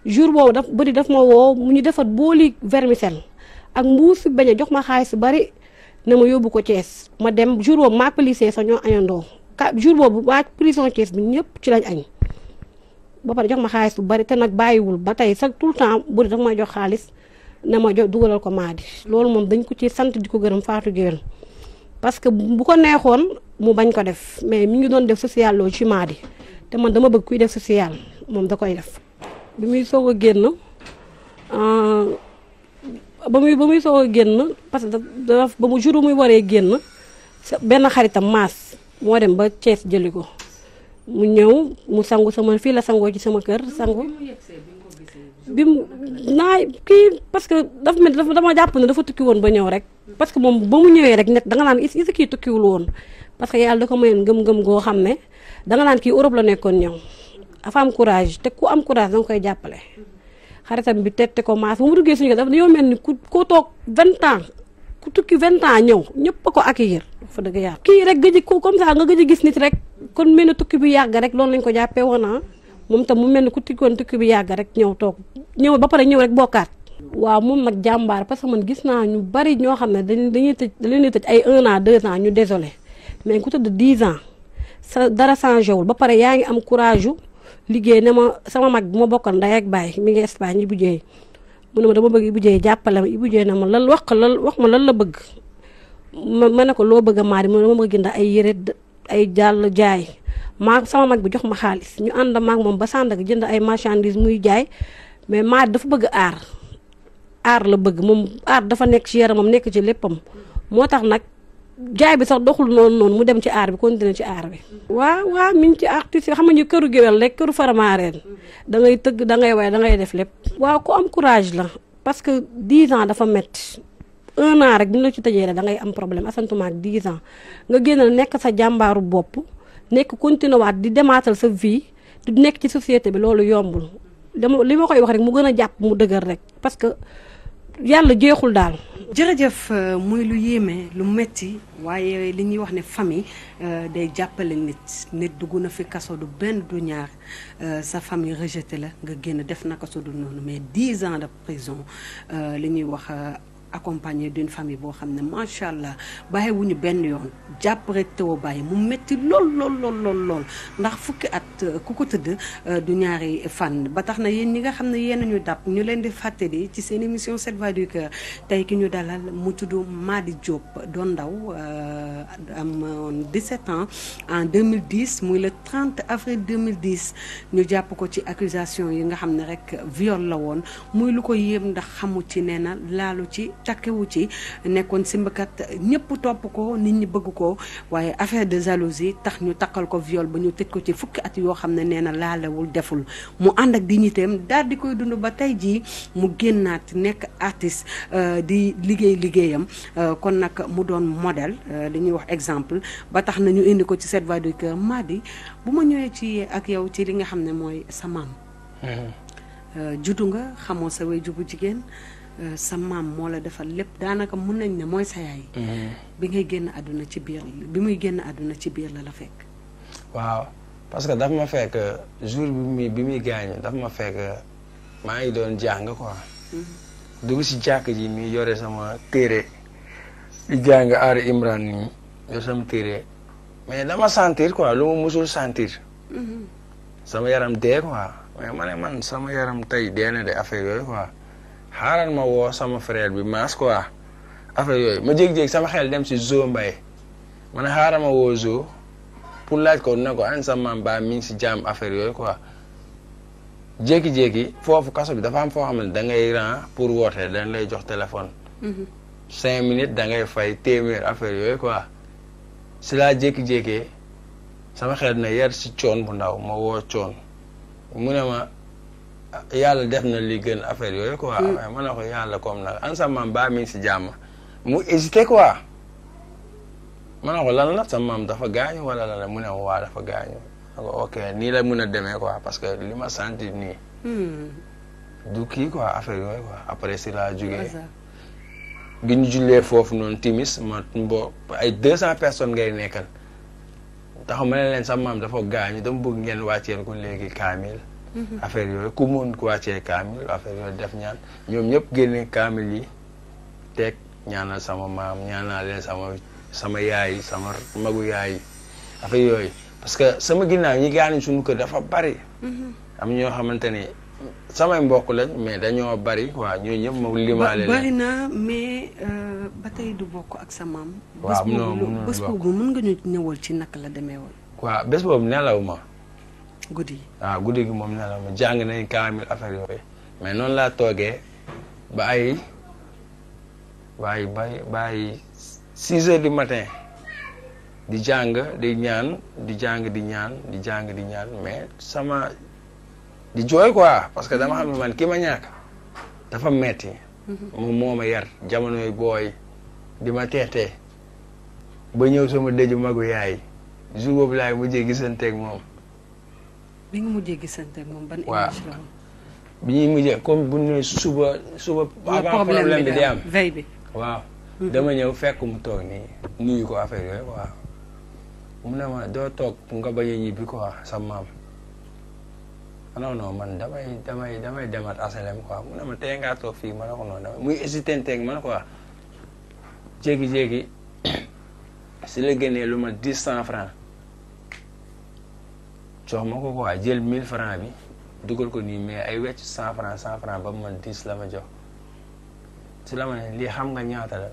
jour boobu daf bëri daf ma woo mu ñu defar booli vermicelle ak mbuusi bañ a jox ma xaalis bu bari na ma yóbbu ko cees ma dem jour boobu maa ñoo añandoo ka jour boobu waa prison cees bi ñëpp ci lañ añ ba pare jox ma xaalis bu bari te nag bàyyiwul ba tey sax tout le temps bëri daf may jox xaalis na ma jox dugalal ko Maadi loolu moom dañ ko ci sant di ko gërëm Faatu Géwél parce que bu ko neexoon mu bañ ko def mais mi ngi doon def social loolu ci maadi te man dama bëgg kuy def social moom da koy def. bi muy soog a génn euh, ba muy ba muy soog a génn parce que ba mu juru muy waree génn benn xaritam maas moo dem ba Cees jëli ko mu ñëw mu sangu sama fii la sangoo ci sama kër sangu. bi mu naa kii parce que dafa mel dafa dama jàpp ne dafa tukki woon ba ñëw rek parce que moom ba mu ñëwee rek nekk danga naan is is kii tukkiwul woon parce que yàlla da ko mayoon ngëm-ngëm goo xam ne danga naan kii Europe la nekkoon ñëw dafa am courage te ku am courage danga koy jàppale xaritam bi te ko maas bu mu duggee suñu ko dafa dañoo mel ni ku koo toog vingt ans ku tukki vingt ans ñëw ñëpp a ko accueillir fa dëgg yàlla kii rek gëj ko comme ça nga gëj gis nit rek kon mel na tukki bi yàgg rek loolu lañ ko jàppee woon ah. moom tam mu mel ni ku tikkoon tukki bi yàgg rek ñëw toog ñëw ba pare ñëw rek bokkaat. waaw moom nag jàmbaar parce que man gis naa ñu bari ñoo xam ne dañuy dañuy tëj dañuy tëj ay 1 an 2 ñu désolé mais ku tëdd 10 ans sa dara changé wul ba pare yaa ngi am courage liggéey ne ma sama mag bi ma bokkal ndey ak baay mi ngi Espagne bu Dieye mu ne ma dama bëgg Ibou Dieye jàppale ma Ibou Dieye ne ma lan wax ko lan wax ma lan la bëgg ma ma ne ko loo bëgg a maari ma dama bëgg ay yére ay jàll jaay. maa sama mag bi jox ma xaalis ñu ànd maak moom ba Sandaga jënd ay marchandise muy jaay mais maa dafa bëgg aar aar la bëgg moom aar dafa nekk ci yaramam nekk ci léppam moo tax nag jaay bi sax doxul noonu noonu mu dem ci aar bi continué ci aar bi. waaw mi ngi ci artiste xam nga këru géwél rek këru faramaareen da dangay tëgg da ngay way da ngay def lépp. waaw ku am courage la parce que 10 ans dafa métti. un an rek bu la ci tëjee da ngay am problème asantuma ak 10 ans nga génn nekk sa jàmbaaru bopp nekk continué waat di demaatal sa vie du nekk ci société bi loolu yombul dama li ma koy wax rek mu gën a jàpp mu dëgër rek parce que yàlla jeexul daal. jërëjëf euh, muy lu yéeme lu metti waaye li ñuy wax ne famille euh, day jàppale nit nit dugg na fi kaso du benn du ñaar euh, sa famille rejeté la nga génn def na kaso du noonu mais dix ans de prison li ñuy wax. accompagné d'une famille boo xam ne macha allah wu ñu benn yoon jàpp rek teewoo bàyyi mu métti lool lool lool lool lool ndax fukki at euh, ku ko tëdd euh, du ñaari fan ba tax na yéen ñi nga xam ne yéen ñu dàpp ñu leen di fàttali ci seen émission 7 voix du tey ki ñu dalal mu tudd di Diop doon ndaw euh, am 17 ans en 2010 muy le 30 avril 2010 ñu jàpp ko ci accusation yi nga xam ne rek viol la woon muy lu ko yéem ndax xamu ci nee laalu ci cakkewu ci nekkoon simbakat ñëpp topp ko nit ñi bëgg ko waaye affaire de jalousie tax ñu takkal ko viole ba ñu tëj ko ci fukki at yoo xam ne nee na laalewul deful mu ànd ak dignitéem daal di koy dund ba tey jii mu génnaat nekk artiste euh, di liggéey liggéeyam euh, kon nag mu doon modèle euh, li wax exemple ba tax nañu indi ko ci cette voix du cœur bu ma ñëwee ci ak yow ci li nga xam ne mooy sa maam mm-hmm. juddu nga xamoo sa way jubu jigéen Euh, sa maam moo la defal lépp daanaka mun nañ ne mooy sa yaay. Mm-hmm. bi ngay génn àdduna ci biir bi muy génn àdduna ci biir la la fekk. waaw parce que daf ma fekk jour bi mi bi muy gaañu daf ma fekk maa ngi doon jàng quoi. Mm-hmm. dugg si jàkk ji mi yore sama téere di jàng aar Imran nii yore sama téere mais dama sentir quoi ma musul sentir. Mm-hmm. sama yaram de quoi mais ma ne man sama yaram tey dee na de affaire yooyu quoi. xaaral ma woo sama frère bi maas quoi affaire yooyu ma jékki-jékki sama xel dem si zoo mbay ma ne xaaral ma woo zoo pour laaj ko ne ko an sama maam baa mi si jàmm affaire yooyu quoi jékki-jékki foofu kaso bi dafa am foo xam ne da ngay ran pour woote dañ lay jox téléphone. Mhm. cinq minutes da ngay fay téeméer affaire yooyu quoi si laa jékki-jékkee sama xel na yar si coon bu ndaw ma woo coon mu ma. yàlla def na li gën affaire yooyu quoi. Hmm. ma ko yàlla koom nag an sa maam baa mi si jàmm mu hésité quoi ma ko lan la sa dafa gaañu wala lan la mu ne dafa gaañu nii la mun a demee parce que li ma senti nii. Hmm. du kii quoi affaire yooyu quoi après si laa jugee. bi foofu noonu timis ma ay deux cent personnes ngay nekkal taxaw ma ne leen sa maam dafa gaañu dama bëgg ngeen wàcceel ko léegi kaamil. affaire yooyu ku mun ku wàccee kaamil affaire yooyu def ñaan ñoom ñëpp génne kaamil yi teg ñaanal sama maam ñaanale sama sama yaay sama magu yaay affaire yooyu parce que sama ginnaaw ñi gaañu suñu kër dafa bari. Mhm. am ñoo xamante ni samay mbokk lañ mais dañoo bari waaw ñooñu ñëpp moom limaale. mais euh, ba tey du bokk ak sa maam. waaw bés boobu mën nga ñëwal ci naka la demee woon. waaw bés boobu nelaw ma. guddi ah, gi gi moom nee ma jàng nañ kaamil affaire yooyu mais noonu laa toogee ba ay bàyyi bàyyi bàyyi six heures du matin di jàng di ñaan di jàng di ñaan jàng di ñaan mais sama di jooy quoi parce que dama xam ne man ki ma ñàkk dafa metti mhm. moom moo yar jamonoy booy di ma teetee ba ñëw sama dëju magu yaay jour boobu laay mujjee gisanteeg moom bi nga mujjee gisante moom ban image la woon bi ñuy mujjee comme bu ñu suba suba avant problème bi di am veille bi waaw mm-hmm. dama ñëw fekk mu toog nii nuyu ko affaire yooyu waaw mu ne ma doo toog nga bañ a ñibbi quoi sa maam ah, non man damay damay damay demat asalem tey ngaa toog fii ma ne ko noonu muy hésité teg man quoi jékki-jékki si la génnee lu ma dix cent francs jox ma ko quoi jël 1000 francs bi dugal ko nii mais ay wecc 100 francs 100 francs ba mu man 10 la ma jox si la ma ne lii xam nga ñaata la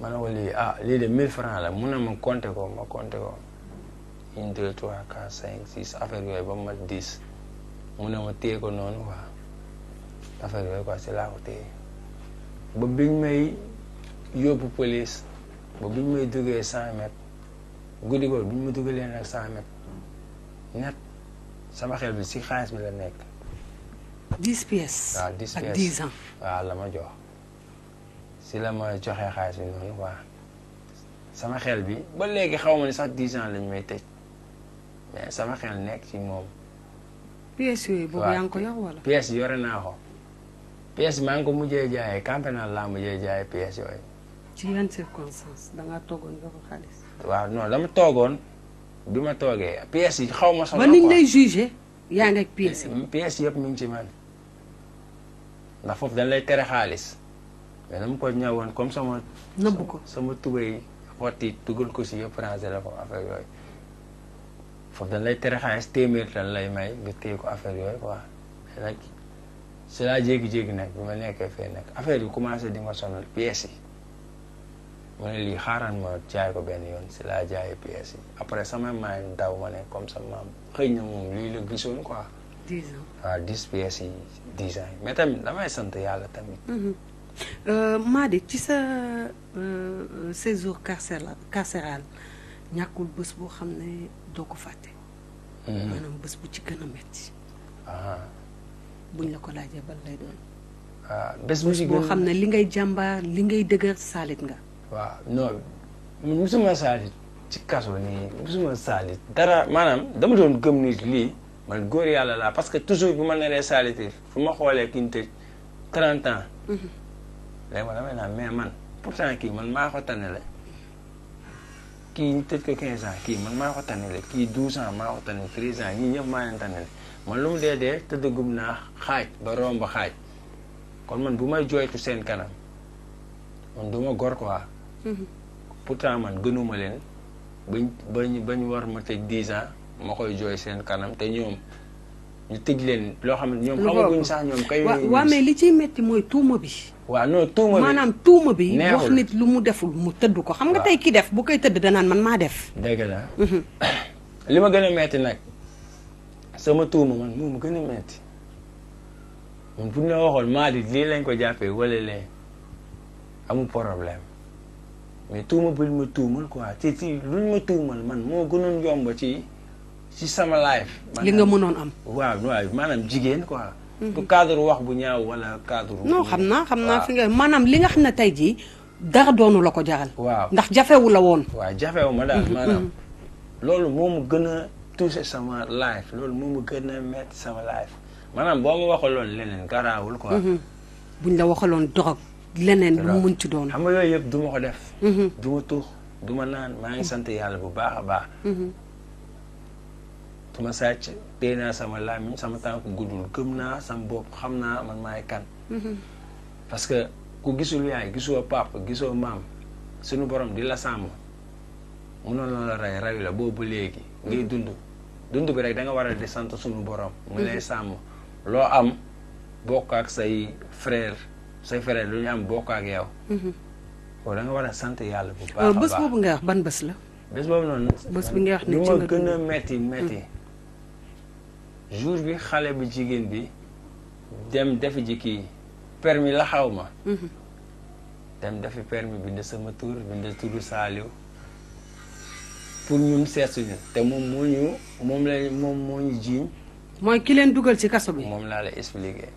ma ne ko lii ah lii de 1000 francs la mun na ma compter ko ma compter ko une trois quatre cinq six affaire yooyu ba mu mat 10 mun na ma téye ko noonu quoi affaire yooyu quoi si laa ko téye ba biñ may yóbbu police ba biñ may duggee 100 guddi boobu biñ ma dugalee nag 100 net sama xel bi si xaalis bi la nekk. dix pièces. waaw dix pièces ak la ma jox si la ma joxee xaalis bi noonu waa xel bi ba léegi xaw ma ne sax dix lañ may tëj mais sama xel nekk ci moom. pièces yooyu boobu yaa ngi ko yor wala. pièces yore naa ko pièces maa ngi ko mujjee jaayee campagnat laa mujjee jaayee pièces yooyu. ci yan circonstances da ngaa ko xaalis. waaw non dama toogoon. bi ma toogee pièces yi xaw ma. sama ba niñ lay jugé yaa ngi ak pièces yi. Mm, pièces yëpp ñu ngi ci man ndax foofu dañ lay tere xaalis mais dama ko ñawoon comme sama. nëbb ko sama tubéy xotti dugal ko si yëpp ranger la ko affaire yooyu foofu dañ lay tere xaalis téeméer lay may nga téye ko affaire yooyu quoi nag si laa jékki-jékki nag bi ma nekkee fee nag affaire yi commencé di ma sonal pièces yi. ma ne lii xaaraan ma jaay ko benn yoon si laa jaayee pièces yi après sama maay daw ma ne comme sama maam xëy na moom lii la gisoon quoi. dix ans waaw ah, dix pièces yi dix ans yi mais tamit damay sant yàlla tamit. Mm-hmm. Euh, Mady ci sa euh, séjour carcéral carcéral ñàkkul bés boo xam ne doo ko fàtte. Mm-hmm. maanaam bés bu ci gën a métti. Ah. buñ la ko laajee ban lay doon. waaw ah, bu ci boo xam ne li ngay jàmbaar li ngay dëgër saalit nga. waaw non suma saalit ci kaso nii musuma saalit dara maanaam dama doon gëm ni lii man góor yàlla laa parce que toujours bu ma neree saaliti fu ma xoolee ki ñu tëj trente ans mhm. ma damay naan mais man pour pourtant kii man maa ko tane la kii ñu tëj ko quinze ans kii man maa ko tane kii douze ans maa ko tane treize ans ñii ñëpp maa leen tane la man lu mu dee dee tëddagum naa xaaj ba romb xaaj kon man bu may jooytu seen kanam man du ma gor quoi pourtant man gënuma leen bañ bañ bañ war ma tëj dix ma koy jooy seen kanam te ñoom ñu tëj leen loo xam ne ñoom xamaguñ sax ñoom kay waaw mais li ci metti mooy tuuma bi waaw non tuuma bi maanaam tuuma bi wax nit lu mu deful mu tëdd ko xam nga tey kii def bu koy tëdd danaan man maa def dëgg mhm. li ma gën a metti nag sama tuuma man moom gën a metti man bu ñu la waxoon maa di lii lañ ko jàppee wala lee amul problème mais tuuma buñ ma tuumal quoi ci ci luñ ma tuumal man moo gënoon yomb ci ci sama life. li nga mënoon am. waaw waaw maanaam jigéen quoi. du mhm. cadre wax bu ñaaw wala cadre. non xam naa xam naa fi nga maanaam li nga xam na tey jii dara doonu la ko jaral. waaw ndax jafewu la woon. waaw jafewu mhm, mhm. ma daal maanaam. loolu mu gën a touché sama life loolu mu gën a metti sama life maanaam boo ma waxaloon leneen garaawul quoi. buñ la waxaloon drogue. leneen lu mu mën ci doon. xam yooyu yëpp du ma ko def. Mhm. du ma naan maa sant yàlla bu baax a baax. Mhm. sàcc téye naa sama làmmiñ sama tànk guddul gëm naa sama bopp xam naa man mhm. que ku gisul gisoo gisoo maam suñu borom di la sàmm mënoon na la rey rawi la rek da nga di sant suñu borom. mu lay loo am bokk ak say frère. say frère lu ñu am bokk ak yow. Mhm. kon war a sant yàlla bu baax baax ban bës la. bés boobu noonu. bés bi nga wax ne ci gën a metti mhm. metti jour bi xale bu jigéen bi dem defi ji kii permis la xaw ma. Mhm. dem defi permis bind sama tur bind turu Saliou pour ñun seet suñu te moom moo ñu moom la moom moo ñu jiiñ. mooy ki leen dugal ci kaso bi. moom laa la expliqué.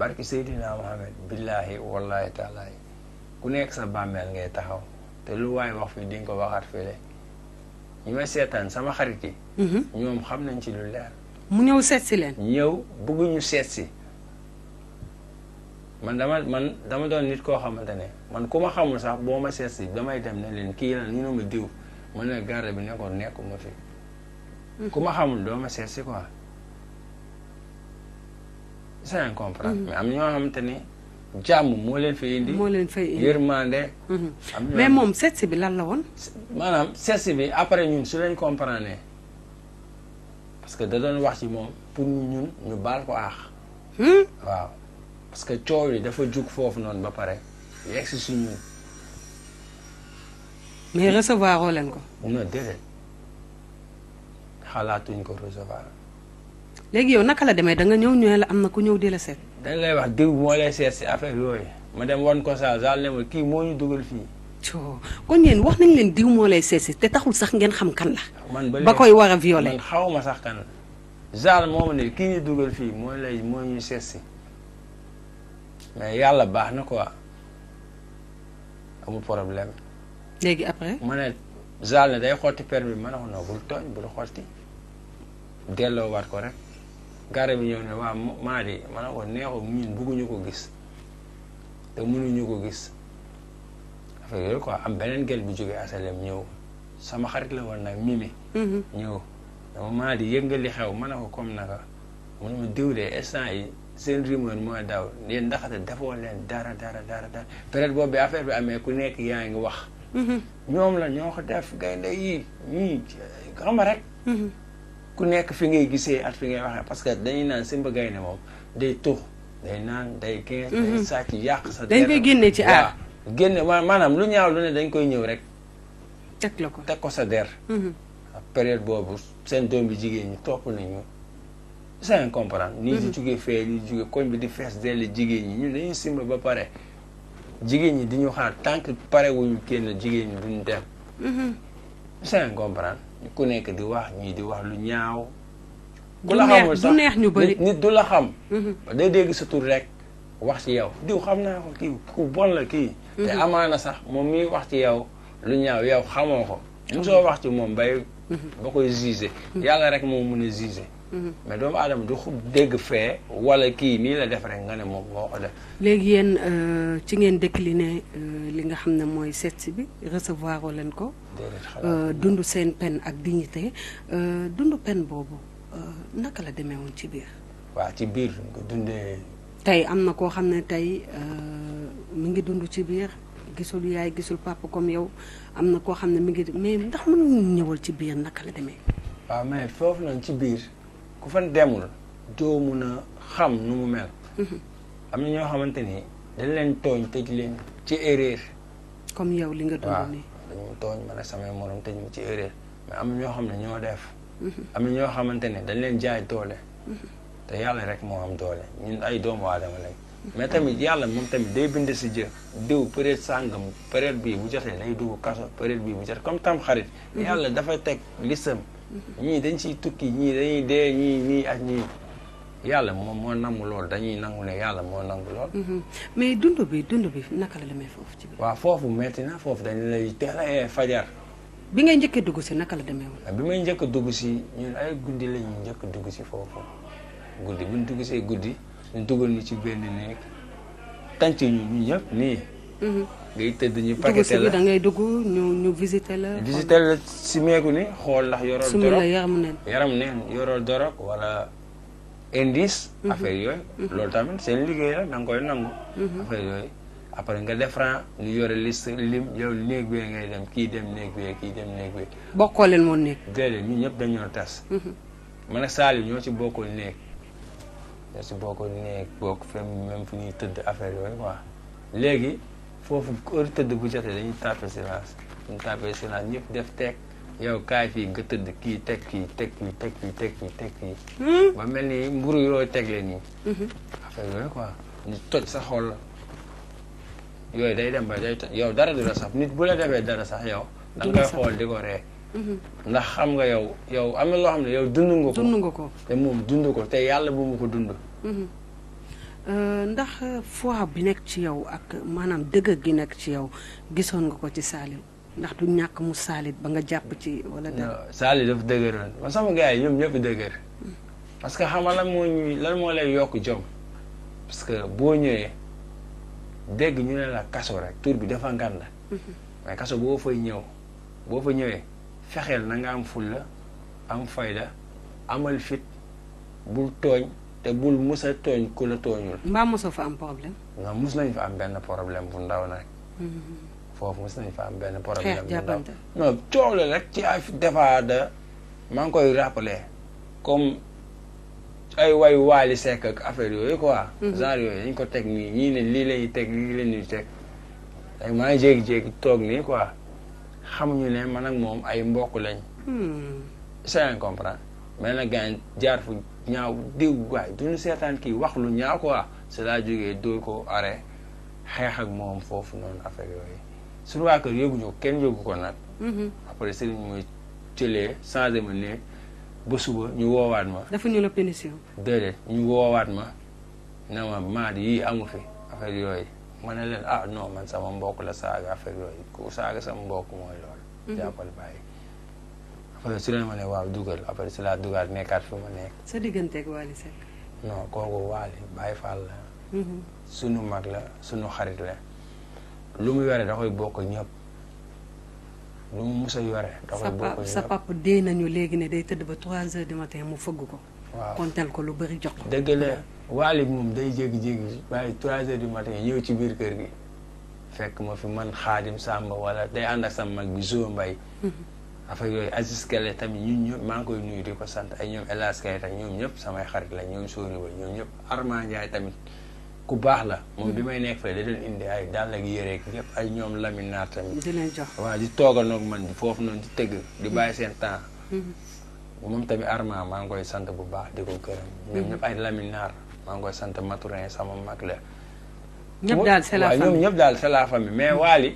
barki Seydina Mohamed billahi wallahi taalaay ku nekk sa bàmmeel ngay taxaw te lu waay wax fii di ko waxaat fële ñu ma seetaan sama xarit yi. Mhm. ñoom xam nañ ci lu leer. mu ñëw seet si leen. ñëw bëgguñu seet si man dama man dama doon nit koo xamante ne man ku ma xamul sax boo ma seet si damay dem ne leen kii la ñu ne ma diw mën na garde bi nekkoon nekkuma fi. Mhm. ku ma xamul doo ma seet si quoi. c'est incomprendre mhm. mais am ñoo xamante ni jàmm moo leen fay indi. moo leen fay indi yërmande. Mhm. mais moom seetsi bi lan la woon. maanaam seetsi bi après ñun su leen comprendre parce que da doon wax ci moom pour ñun ñu baal ko aax. Hmm? waaw parce que coow yi dafa jug foofu noonu ba pare yegg si suñu. mais recevoir oo leen ko. non déedéet xalaatuñ ko recevoir. léegi yow naka la demee da nga ñëw ñu la am na ku ñëw di la seet. dañ lay wax diw moo lay seet si affaire yooyu ma dem wan ko sa zaal ne ma kii moo ñu dugal fii. co kon ngeen wax nañ leen diw moo lay seesi te taxul sax ngeen xam kan man ba koy war a violé. man xaw ma sax kan la. zaal moo kii ñu dugal fii mooy lay moo ñuy seesi mais yàlla baax na quoi amul problème. léegi après. ma ne zaal ne day xotti permis ma ne ko non bul tooñ bul xotti delloowaat ko rek. garde bi ñëw ne waaw maa di ma ne ko neexul ñun bëgguñu ko gis te mënuñu ko gis affaire yooyu ko am beneen gel bu jógee asalem ñëw sama xarit la woon nag mimi mhm. ñëw dama maa di yëg nga li xew ma ne ko comme naka mu ne ma diw de instant yi seen rumeur mooy daw yéen ndaxate defoo leen dara dara dara dara boobu bi affaire bi amee ku nekk yaa ngi wax mhm. ñoom la ñoo ko def gaynde yi ñii xam rek mhm. ku nekk fi ngay gisee at fi ngay waxee parce que dañuy naan Simba Gaynde moom day tox day naan day gees day mhm. sàcc yàq sa dañ koy génne ci aar génne maanaam lu ñaaw lu ne dañ koy ñëw rek teg la ko teg sa der mhm. période boobu seen doom bi jigéen ñi topp nañu c'est incompréhensible nii di mhm. jugee fee nii di jugee koñ bi di fees dell jigéen ñi ñun dañuy simba ba pare jigéen ñi di ñu xaar tant que pare wuñu kenn jigéen ñi duñu dem c'est incompréhensible ku nekk di wax ñii di wax lu ñaaw. ku du neex ñu bëri nit du la xam. Mhm. day dégg sa tur rek wax ci yow diw xam naa ko kii ku bon la kii. te mhm. amaana sax moom miy wax ci yow lu ñaaw yow xamoo ko. Mhm. soo wax ci moom bay. ba koy jugé. yàlla rek moo mun a jugé. mais doomu aadama du dégg fee wala kii nii la def rek nga ne moom moo ko def. léegi yéen euh, ci ngeen décliné euh, li nga xam ne mooy seet bi recevoir leen ko. Euh, dund seen peine ak dignité euh, dund peine boobu euh, naka la demee ci biir. waaw ci biir ko dundee. tey am na koo xam ne tey mu ngi dund ci biir gisul yaay gisul papa comme yow am na koo xam ne mi ngi mais ndax mën nga ñëwal ci biir naka la demee. waaw mais foofu noonu ci biir ku fa demul doo mun xam nu mu mel. Mhm. am na ñoo xamante ni dañ leen tooñ tëj leen ci erreur. comme yow li nga dund nii. dañ ma tooñ man ak samay morom tëj ma ci erreur mais am ñoo xam ne ñoo def. Mhm. am na ñoo xamante ne dañ leen jaay doole. Mhm. te yàlla rek moo am doole ñun ay doomu aadama lañ. Mhm. mais tamit yàlla moom tamit day bind si jë diw période sàngam période bii bu jotee day dugg kaso période bii bu jotee comme tam xarit. yàlla dafa teg listam. ñii dañ siy tukki ñii dañuy dee ñii ñii ak ñii. yàlla moom moo nangu lool dañuy nangu ne yàlla moo nangu lool. Mhm. mais dund bi dund bi naka la demee foofu ci biir. waaw foofu metti na foofu dañu lay teel fajar. bi ngay njëkk dugg si naka la demee woon. bi may njëkk dugg si ñun ay guddi la ñuy dugg si foofu guddi bu ñu dugg see guddi ñu dugal ci benn néeg tànc ñu ñu ñëpp nii. Mhm. ngay tëdd ñu paqueté la dugg si dugg ñu ñu visité la. visité la si meeku ni xool ndax yoroo. dorog yaram neen yoroo indice. affaire yooyu. loolu tamit seen liggéey la da nga koy nangu. affaire yooyu après nga def rang ñu yore liste lim yow néeg bee ngay dem kii dem néeg bee kii dem néeg bee. bokkoo leen woon néeg. déedéet ñun ñëpp dañoo tas. man ak Saliou ñoo ci bokkoo néeg. ñoo ci bokkul néeg bokk fem même fu ñuy tëdd affaire yooyu quoi léegi foofu heure tëdd bu jotee dañuy tapé silence ñu tapé silence ñëpp def teg. yow kaay fii nga tëdd kii teg kii teg kii teg kii teg kii teg kii. Hmm? ba mel ni mburu yooyu teg leen nii. Mhm. affaire yooyu quoi ñu toj sa xool la yooyu day dem ba day toj yow dara du la sax nit bu la defee dara sax yow. da koy xool di ko ree. Mhm. ndax xam nga yow yow am na loo xam ne yow dund nga ko dund ko. te moom dund ko te yàlla bu mu ko dund. Mhm. Euh, ndax foi bi nekk ci yow ak maanaam dëgg gi nekk ci yow gisoon nga ko ci Saliou. ndax du ñàkk mu saalit ba nga jàpp ci wala dara. saalit dafa dëgëroon man sama gars yi ñoom ñëpp dëgër parce que xam nga lan moo ñuy lan moo lay yokk jom parce que boo ñëwee dégg ñu ne la kaso rek tur bi dafa ngan waaye kaso boo fay ñëw boo fa ñëwee fexeel na nga am fulla am fayda amal fit bul tooñ te bul mus a tooñ ku la tooñul. mbaa mosoo fa am problème. non mus nañ fa am benn problème bu ndaw nag. Mm-hmm. foofu mos nañ fa benn problème bu ndaw non coow la rek ci ay defar de maa ngi koy rappeler comme ay way waali sekk ak affaire yooyu quoi mhm. genre yooyu dañ ko teg nii ñii ne lii lañuy teg lii la ñuy teg dag maa ngi jéegi-jéegi toog nii quoi xamuñu ne man ak moom ay mbokk lañ hmm. c'est incompréhensible mais na gaan jaar fu ñaaw diw waay duñu seetaan kii wax lu ñaaw quoi c'est la jógee dóor ko arrêt xeex ak moom foofu noonu affaire yooyu suñu waa kër yóbbuñu ko kenn yóbbu ko nag. Mhm. après sëriñ mooy télé changé ma ne ba suba ñu woowaat ma. defuñu la pénition. déedéet woowaat ma ne ma maat yii amu fi affaire yooyu ma ne leen ah non man sama mbokk la saaga affaire yooyu ku saaga sama mbokk mooy loolu. Mhm. jàppal bàyyi. après su leen ma ne waaw dugal après si laa dugaat nekkaat fi ma nekk. sa digganteeg Wally Seck. non kooku Wally Baye Fall la. Mhm. sunu mag la sunu xarit la. lu mu yore dafay koy bokk ñëpp lu mu mus a yore. da bokk ñëpp sa papa dee nañu léegi ne day tëdd ba 3 heures du matin mu fëgg ko. waaw kontel ko lu bëri jox ko. dëgg la waali moom day jékki-jékki bàyyi 3 heures du matin ñëw ci biir kër gi fekk ma fi man xaadim sàmba wala day ànd ak sama mag bi Zo mbay mm-hmm. affaire yooyu Aziz tamit ñun ñëpp maa koy nuyu di ko sant ay ñoom El Hadj Kelle ñoom ñëpp samay xarit la ñoom Sori ba ñoom ñëpp Armand Ndiaye tamit. ku baax la moom mm-hmm. bi may nekk fële da doon indi ay dàll ak yére ak ay ñoom laminaat tamit di leen jox waaw di toogal noog man di foofu noonu di tëgg di mm-hmm. bàyyi seen temps mm-hmm. moom tamit Arma maa ngi sant bu baax di ko gërëm ñoom ay laminaar maa ngi sant Maturin sama mag la ñëpp daal c'est la ñëpp daal c'est la famille mais Waly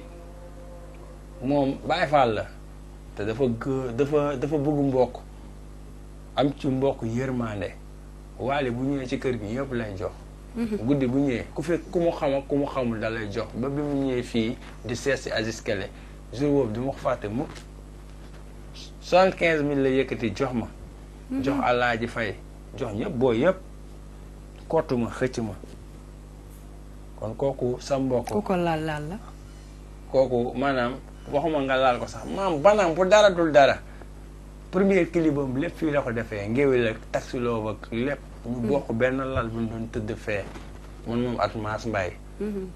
moom Baye Fall la te dafa dafa dafa bëgg mbokk am ci mbokk yërmande Waly bu ñëwee ci kër gi ñëpp lay jox Mm-hmm. guddi bu ñëwee ku fekk ku mu xam ku mu xamul da jox ba bi mu ñëwee fii di seet si Aziz Kele jour boobu du ma fàtte mu soixante quinze mille la yëkkati jox ma mm-hmm. jox ji Fay jox ñëpp booy yëpp kottu ma xëcc ma kon kooku sa mbokk ku ko laal laal la kooku maanaam waxuma nga laal ko sax maam banaam bu dara dul dara premier clip am lépp fii la ko defee ngéwél ak taxi ak lépp ñu mm-hmm. bokk benn lal bi mu doon tëdd fee man moom ak Mass Mbaye mm-hmm.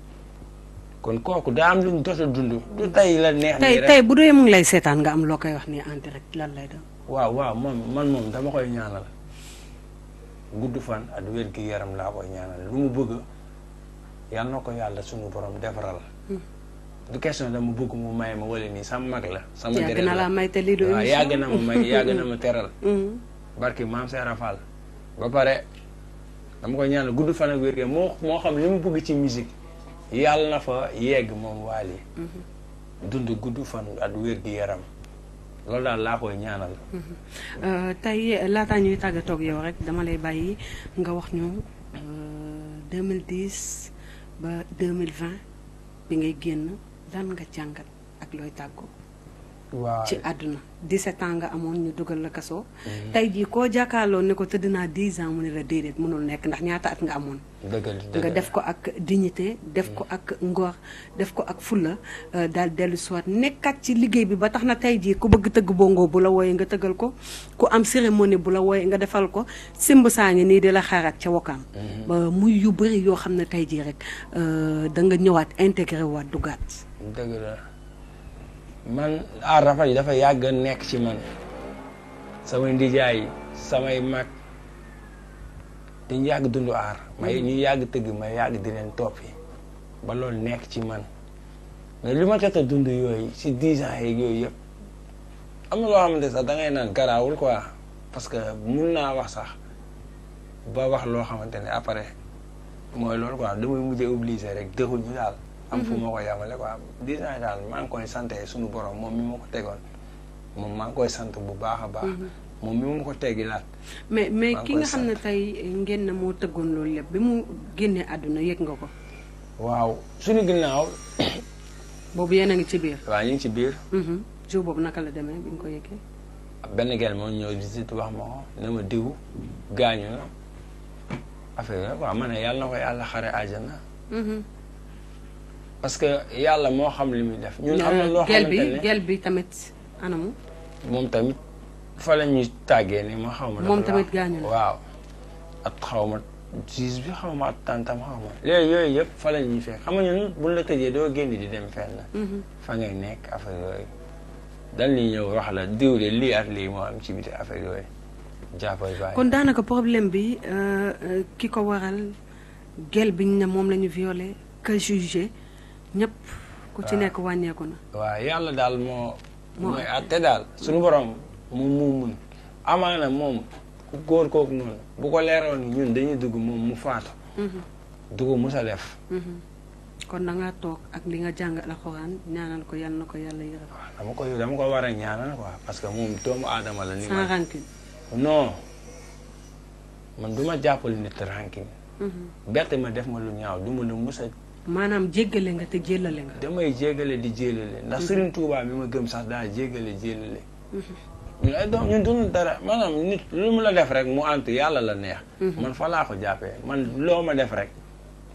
kon kooku daa am lu jot a tey la neex nii rek tey bu dee mu ngi lay seetaan nga am loo koy wax nii en direct lan lay doon. waaw waaw man moom dama koy ñaanal gudd fan ak wér gi yaram laa koy ñaanal lu mu bëgg yal na ko yàlla suñu borom defaral. Mm-hmm. du question dama bëgg mu may ma wala nii sama mag la. sama jërëjëf yàgg may te lii du ma may yàgg na ma teral. barki maam Serap Fall. ba pare dama koy ñaanal gudd fan ak wér moo moo xam li mu bëgg ci musique yàlla na fa yegg moom waali mhm. dund gudd fan ak wér gi yaram loolu daal laa koy ñaanal. Mhm. Euh, tey laataa ñuy tàggatoog yow rek dama lay bàyyi nga wax ñu 2010 euh, ba 2020 bi ngay génn lan nga jàngat ak looy tàggoo. waaw ci àdduna 17 ans nga amoon ñu dugal la kaso. Mm-hmm. tey jii koo jàkkaarloo ne ko tëdd naa 10 ans mu ne la déedéet mënul nekk ndax ñaata at nga amoon. nga def ko ak dignité def ko mm-hmm. ak ngor def ko ak fulla euh, daal dellu soit nekkat ci liggéey bi ba tax na tey jii ku bëgg tëgg bongo bu la wooyee nga tëggal ko ku am cérémonie bu la wooyee nga defal ko simb saa ngi nii di la xaaraat ca wokaam mm-hmm. ba muy yu bëri yoo xam ne tey jii rek euh, da nga ñëwaat intégré waat dugaat. dëgg man aar rafet yi dafa yàgg a nekk ci man samay ndijaay samay mag dañu yàgg dund aar may ñu yàgg tëgg may yàgg di leen toppi ba loolu nekk ci man mais li ma jot a dund yooyu si dix ans yeeg yooyu am loo xamante sax da ngay naan garaawul quoi parce que mun naa wax sax ba wax loo xamante ne après mooy loolu quoi damay mujjee obligé rek ñu daal am fu ma ko yamale quoi dix maa ngi koy sant suñu borom moom mi ma ko tegoon moom maa ngi koy sant bu baax a baax moom mi ma ko teggi laat mais mais kii nga xam ne tey ngeen na tëggoon loolu lépp bi mu génnee àdduna yëg nga ko waaw suñu ginnaaw boobu yéen a ngi ci biir waaw ci biir jour boobu naka la demee bi nga ko yëgee benn gel moom ñëw visite wax moo ko ne ma diw gaañu na affaire yi waaw man ne yàlla na ko yàlla xare àjjana parce que yàlla moo xam li muy def. ñun am na loo xamante ne gel bi gel bi tamit anamu. moom tamit fa la ñuy tàggee ni ma xaw ma. moom tamit gaañu la waaw. at xaw ma gis bi xaw ma at tàntam xaw ma. léegi yooyu yëpp fa la ñuy fekk xam nga ñun buñ la tëjee doo génn di dem fenn. Mhm. fa ngay nekk affaire yooyu. dañ li ñëw wax la diw de lii ak lii moo am ci biti affaire yooyu. jàppal bàyyi kon daanaka problème bi euh, euh, ki ko waral gel biñ ne moom la ñu violé que jugé. ñëpp ku ci ah. nekk wàññeeku na. waaw yàlla daal moo. mooy àtte ah, daal suñu borom moom moo mun amaana moom ku góor kooku noonu bu ko leeroon ñun dañuy dugg moom mu faatu. Mhm. du ko mës def. Mhm. kon na toog ak li nga jàng alxuraan ñaanal ko yal na ko yàlla yërëm. waaw ah, dama ko dama war a ñaanal quoi parce que moom doomu aadama la. ni ma sans rancune. non mhm. lu maanaam jéggale nga te jéllale nga. damay jéggale di jéllale ndax Serigne Touba bi ma gëm sax daa jéggale jéllale. ñun ay doom ñun duñu dara maanaam lu mu la def rek mu antu yàlla la neex. Mhm. man fa laa ko jàppee man loo ma def rek.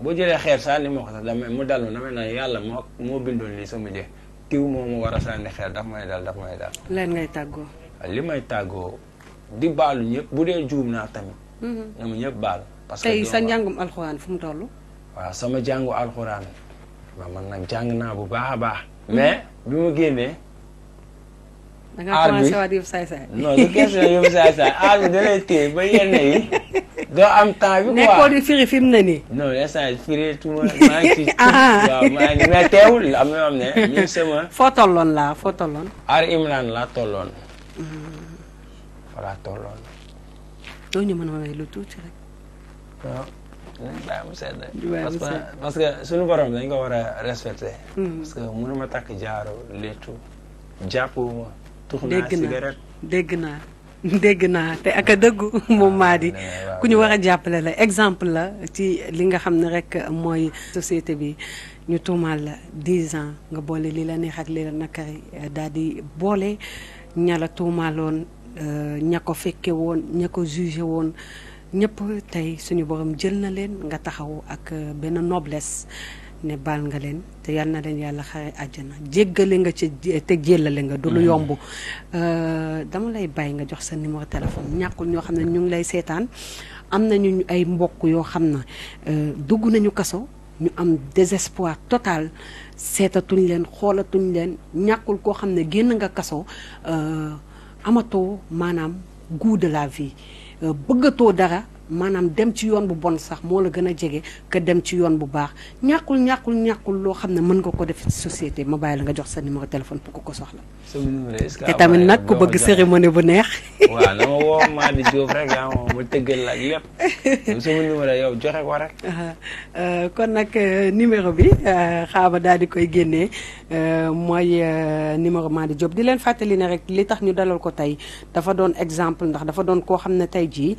boo jëlee xeer sànni moo ko sax damay mu dal ma damay naan yàlla moo moo bindoon lii sama jëf kiw moo ma war a sànni xeer daf may dal daf may dal. leen ngay tàggoo. li may tàggoo di baalu ñëpp bu dee juum naa tamit. ñoom mhm. ñëpp baal. tey sa njàngum alxuraan fu mu toll. waaw sama jàngu alxuraan ba man nag jàng naa bu baax a baax. Mhm. mais bi mu génnee. da ngaa commencé waat yóbbu saay saay non du question yóbbu saay saay aar bi da lay téye ba yenn yi doo am temps bi quoi nekkoo di firi fi mu ne nii. non instant yii firi tout maa ngi ci. waaw maa ngi mais teewul am na yoo xam ne ñun sama. foo tolloon laa foo tolloon. aar Imran laa tolloon. voilà mhm. tolloon. doo ñu mën a way lu tuuti rek. parce que parce que suñu dañ ko war a respecté hmm. parce que mënuma takk jaaro léttu jàppuma tux naa cigarette dégg naa naa te ak a dëggu moom ah, maa di ku ñu war a jàppale la exemple la ci li nga xam ne rek mooy société bi ñu tuumaal la dix ans nga boole li la neex ak li la nakari eh, daal di boole ña la tuumaaloon eh, ña ko fekke woon ña ko jugé woon ñëpp tey suñu borom jël na leen nga taxaw ak euh, benn nobles ne baal nga leen te yal na leen yàlla xare àjjana jéggale nga ci te jéllale nga du lu mm-hmm. yomb euh, dama lay bàyyi nga jox sa numéro téléphone ñàkkul ñoo xam ne ñu ngi lay seetaan am nañu ay mbokk yoo xam ne euh, dugg nañu kaso ñu am désespoir total seetatuñ leen xoolatuñ leen ñàkkul koo xam ne génn nga kaso amatoo maanaam goût de la vie bëggatoo dara maanaam dem ci yoon bu bon sax moo la gën a jege que dem ci yoon bu baax ñàkkul ñàkkul ñàkkul loo xam ne mën nga ko def ci société ma bàyyi la nga jox sa numéro téléphone pour ko ko soxla. te tamit nag ko bëgg cérémonie bu neex. waaw na ma la ak lépp yow joxe ko euh, kon nag euh, numéro bi euh, xaaba daal di koy génnee mooy numéro Mady Diop di leen fàttali ne rek li tax ñu dalal ko tey dafa doon exemple ndax dafa doon koo xam ne tey jii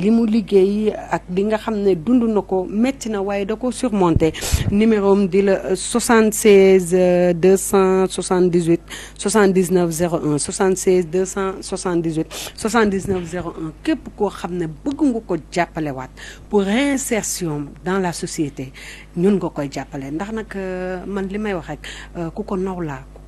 li mu liggéey ak li nga xam ne dund na ko métti na waaye da ko surmonté numéro am di la 76 278 79 01 76 278 79 01 képp koo xam ne bëgg nga ko jàppalewaat pour réinsertion dans la société ñun nga koy jàppale ndax nag euh, man li may wax rek euh, ku ko naw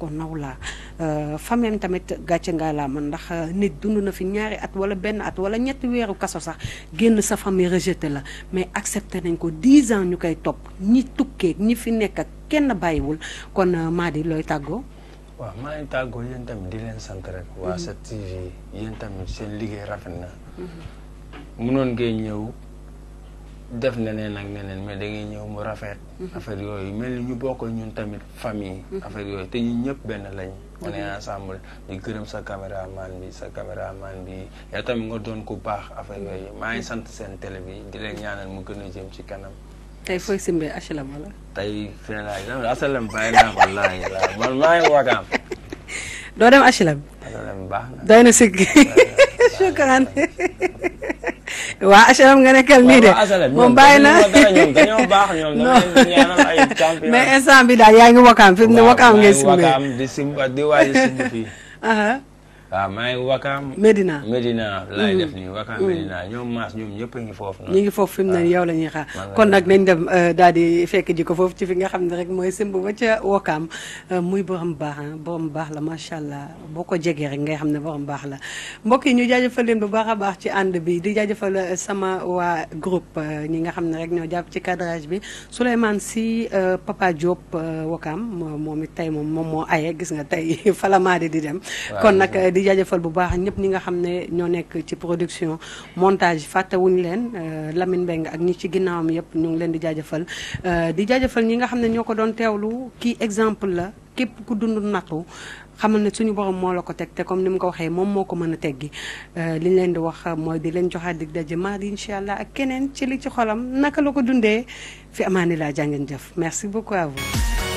kon naw laa euh, fameem tamit gàcce ngaa laa man ndax euh, nit dund na fi ñaari at wala benn at wala ñetti weeru kaso sax génn sa famille rejeté la mais accepté nañ ko dix ans ñu koy topp ñi tukkee ñi fi nekk ak kenn bàyyiwul kon euh, Mady looy tàggoo. waaw maa ngi tàggoo yéen tamit di leen sant rek. waa 7TV mhm. yéen tamit seen liggéey rafet na. Mhm. munoon ngay ñëw. def neneen ak neneen mais da ngay ñëw mu rafet. Mhm. affaire yooyu mel ni ñu bokk ñun tamit famille. Mhm. affaire yooyu te ñun ñëpp benn lañ. on est mhm. ensemble di gërëm sa caméraman bi sa caméraman bi yow tamit nga doon ku baax affaire yooyu maa ngi sant seen télé bi di leen ñaanal mu gën a jëm ci kanam. tey fooy la HLM wala. tey fii laa HLM bàyyi naa ko man maa ngi doo dem HLM. HLM baax na doy na sigg. waa HLM nga nekkal nii de moom bàyyi na dañoo baax ñoom ñaanal mais instant bi daal yaa ngi wakaam fi mu ne wakaam ngay simb di waaj waaw ah, maa ngi wakaam Medina Medina laay def mm-hmm. nii wakaam mm-hmm. Medina ñoom maas ñoom ñëpp a ngi foofu ñu ngi foofu fi mu ne ah, yow la ñuy xaar kon nag nañ dem euh, daal di fekk ji ko foofu ci fi nga xam ne rek mooy simb ba ca wakaam euh, muy borom baax borom baax la macha allah boo ko jegee rek ngay xam ne borom baax la mbokk yi ñu jaajëfal leen bu baax a baax ci ànd bi di jaajëfal euh, sama waa groupe ñi nga xam ne rek ñoo jàpp ci cadrage bi Souleymane Sy Papa Diop wakaam moom it tey moom moom moo aye gis nga tey fala di dem kon nag di jaajëfal bu baax ñëpp ñi nga xam ne ñoo nekk ci production montage fàttewuñu leen euh, Lamine Mbengue ak ñi ci ginnaawam yëpp ñu ngi leen di jaajëfal euh, di ñi nga xam ne ñoo ko doon teewlu kii exemple la képp ku dund nattu xamal ne suñu borom moo la ko teg te comme ni mu ko waxee moom moo ko mën a teggi euh, li ñu leen di wax mooy di leen joxaat dig daje di incha allah ak keneen ci li ci xolam naka la ko dundee fi amaani laa jàngeen jëf merci beaucoup à vous.